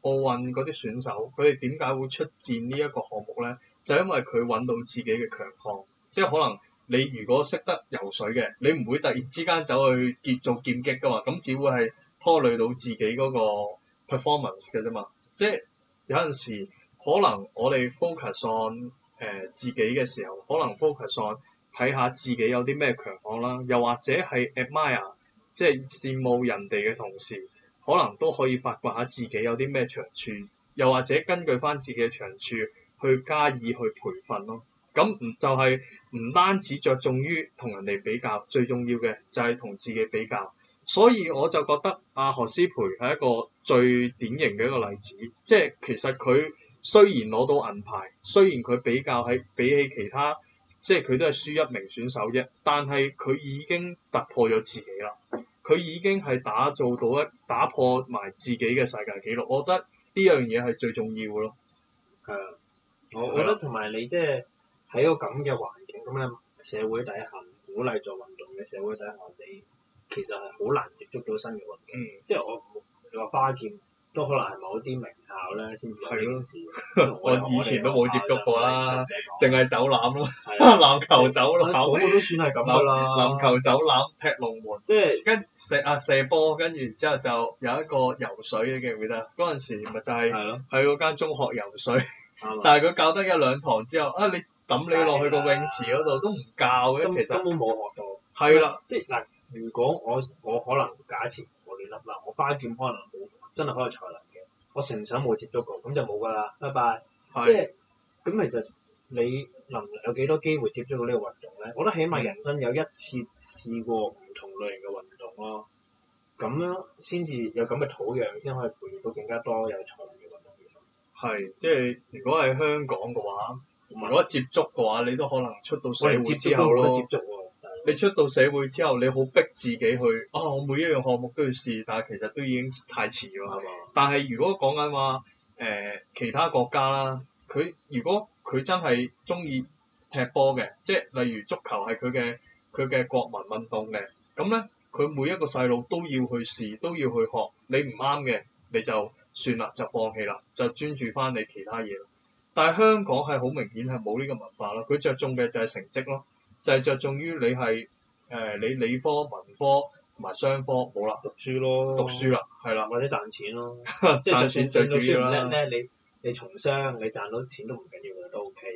奧運嗰啲選手，佢哋點解會出戰項呢一個項目咧？就因為佢揾到自己嘅強項，即係可能你如果識得游水嘅，你唔會突然之間走去劍做劍擊㗎嘛，咁只會係拖累到自己嗰、嗰個。performance 嘅啫嘛，即係有陣時可能我哋 focus on 誒自己嘅時候，可能 focus on 睇、呃、下自，自己有啲咩強項啦，又或者係 admire 即係羨慕人哋嘅同時，可能都可以發掘下自己有啲咩長處，又或者根據翻自己嘅長處去加以去培訓咯。咁唔就係唔單止着重於同人哋比較，最重要嘅就係同自己比較。所以我就覺得阿、啊、何詩蓓係一個最典型嘅一個例子，即係其實佢雖然攞到銀牌，雖然佢比較係比起其他，即係佢都係輸一名選手啫，但係佢已經突破咗自己啦，佢已經係打造到一打破埋自己嘅世界紀錄，我覺得呢樣嘢係最重要嘅咯。係啊，我覺得同埋你即係喺個咁嘅環境、咁嘅社會底下鼓勵做運動嘅社會底下，你。其實係好難接觸到新嘅運動。即係我你話花劍都可能係某啲名校咧先至有嗰種，我以前都冇接觸過啦，淨係走籃咯，籃球走籃，走都算係咁啦。籃球走籃，踢龍門，即係跟射啊射波，跟住然之後就有一個游水，你記唔記得啊？嗰陣時咪就係喺嗰間中學游水，但係佢教得一兩堂之後，啊你抌你落去個泳池嗰度都唔教嘅，其實根本冇學到。係啦，即係嗱。如果我我可能假設我亂粒，嗱，我花劍可能冇真係好有才能嘅，我成身冇接觸過，咁就冇㗎啦，拜拜。係是。即係咁，其實你能有幾多機會接觸到呢個運動咧？我覺得起碼人生有一次試過唔同類型嘅運動咯，咁樣先至有咁嘅土壤，先可以培育到更加多有才能嘅運動員。係，即係如果喺香港嘅話，如果接觸嘅話，你都可能出到社會之後咯。你出到社會之後，你好逼自己去，啊、哦，我每一樣項目都要試，但係其實都已經太遲啦。係嘛？但係如果講緊話，誒、呃，其他國家啦，佢如果佢真係中意踢波嘅，即係例如足球係佢嘅佢嘅國民運動嘅，咁咧佢每一個細路都要去試，都要去學。你唔啱嘅，你就算啦，就放棄啦，就專注翻你其他嘢。但係香港係好明顯係冇呢個文化咯，佢着重嘅就係成績咯。就係着重於你係誒、呃，你理科、文科同埋商科冇啦，讀書咯，讀書啦，係啦，或者賺錢咯， 賺錢最主要啦。 你你從商，你賺到錢都唔緊要嘅，都 OK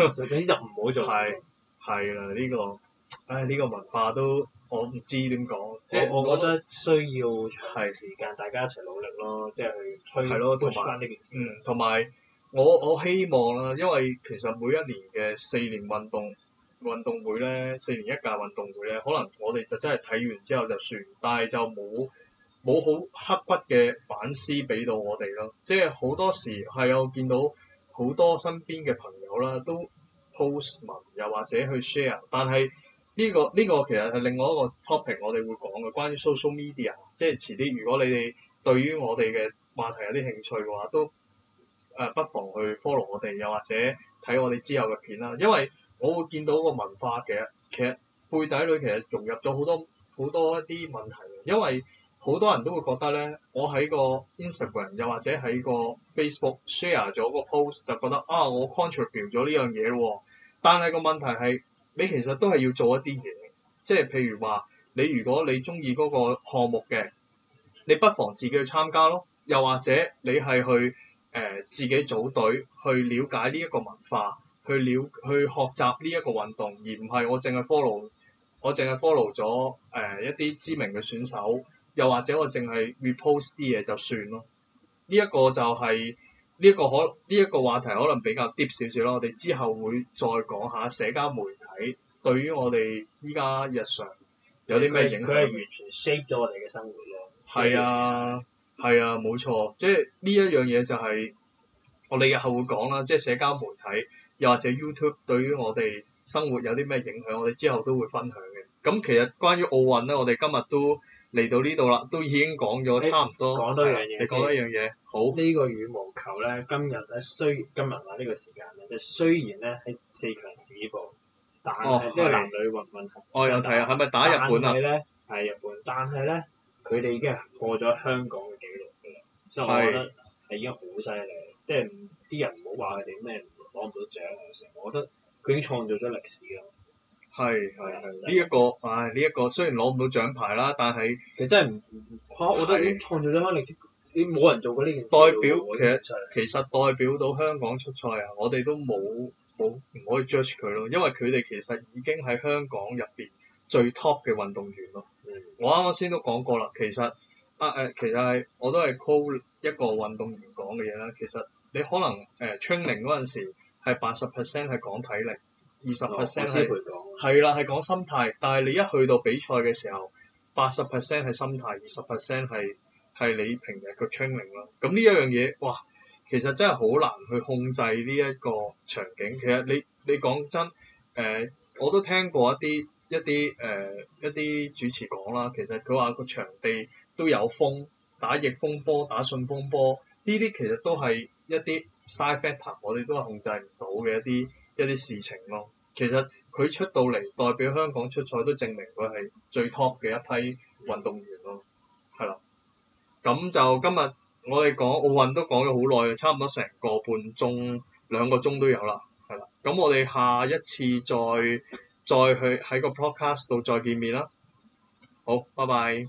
嘅。總之 就唔好做。係係啦，呢個，唉，呢個文化都我唔知點講。即係，我覺得需要係時間，大家一齊努力咯，即係的去推咯推翻呢件事。嗯，同埋我我希望啦，因為其實每一年嘅四年運動。運動會咧，四年一屆運動會咧，可能我哋就真係睇完之後就算，但係就冇冇好刻骨嘅反思俾到我哋咯。即係好多時係有見到好多身邊嘅朋友啦，都 post 文又或者去 share，但係呢個、呢個其實係另外一個 topic，我哋會講嘅關於 social media。即係遲啲，如果你哋對於我哋嘅話題有啲興趣嘅話，都誒不妨去 follow 我哋，又或者睇我哋之後嘅片啦，因為。我會見到個文化嘅，其實背底裏其實融入咗好多好多一啲問題。因為好多人都會覺得咧，我喺個 Instagram 又或者喺個 Facebook share 咗個 post 就覺得啊，我 contribute 咗呢樣嘢喎。但係個問題係，你其實都係要做一啲嘢，即係譬如話，你如果你中意嗰個項目嘅，你不妨自己去參加咯，又或者你係去誒、呃、自己組隊去了解呢一個文化。去了去學習呢一個運動，而唔係我淨係 follow，我淨係 follow 咗誒、呃、一啲知名嘅選手，又或者我淨係 repost 啲嘢就算咯。呢、這、一個就係呢一個可呢一個話題可能比較 deep 少少咯。我哋之後會再講下社交媒體對於我哋依家日常有啲咩影響。佢係完全 shake 咗我哋嘅生活咯。係啊，係啊，冇錯、啊，即係呢一樣嘢就係、是、我哋日後會講啦，即係社交媒體。又或者 YouTube 對於我哋生活有啲咩影響，我哋之後都會分享嘅。咁、嗯、其實關於奧運咧，我哋今日都嚟到呢度啦，都已經講咗差唔多。講多樣嘢是先說。你講多樣嘢。好。呢個羽毛球咧，今日咧雖然今日話呢個時間咧，就雖然咧喺四強止步，但係呢個男女混混合。哦，有睇啊？係咪打日本啊？但係咧，係日本。但係咧，佢哋已經係過咗香港嘅紀錄㗎喇，嗯、所以我覺得係已經好犀利。即係啲人唔好話佢哋咩。攞唔到獎我覺得佢已經創造咗歷史啊！係係係，呢一個，唉，呢一個雖然攞唔到獎牌啦，但係你真係唔，嚇！是我覺得創造咗翻歷史，你冇人做過呢件事。代表其實其實代表到香港出賽啊！我哋都冇冇唔可以 judge 佢咯，因為佢哋其實已經喺香港入邊最 top 嘅運動員咯。嗯、我啱啱先都講過啦，其實啊誒、呃，其實係我都係 call 一個運動員講嘅嘢啦。其實你可能誒 training 嗰陣時。係八十 percent 係講體力，二十 percent 係係啦係講心態，但係你一去到比賽嘅時候，八十 percent 係心態，二十 percent 係係你平日個 training 咯。咁呢一樣嘢，哇，其實真係好難去控制呢一個場景。其實你你講真，誒、呃、我都聽過一啲一啲誒、呃、一啲主持講啦。其實佢話個場地都有風，打逆風波打順風波，呢啲其實都係一啲。side factor，我哋都係控制唔到嘅一啲一啲事情咯。其實佢出到嚟代表香港出賽，都證明佢係最 top 嘅一批運動員咯。係啦、嗯，咁就今日我哋講奧運都講咗好耐，差唔多成個半鐘兩個鐘都有啦。係啦，咁我哋下一次再再去喺個 podcast 度再見面啦。好，拜拜。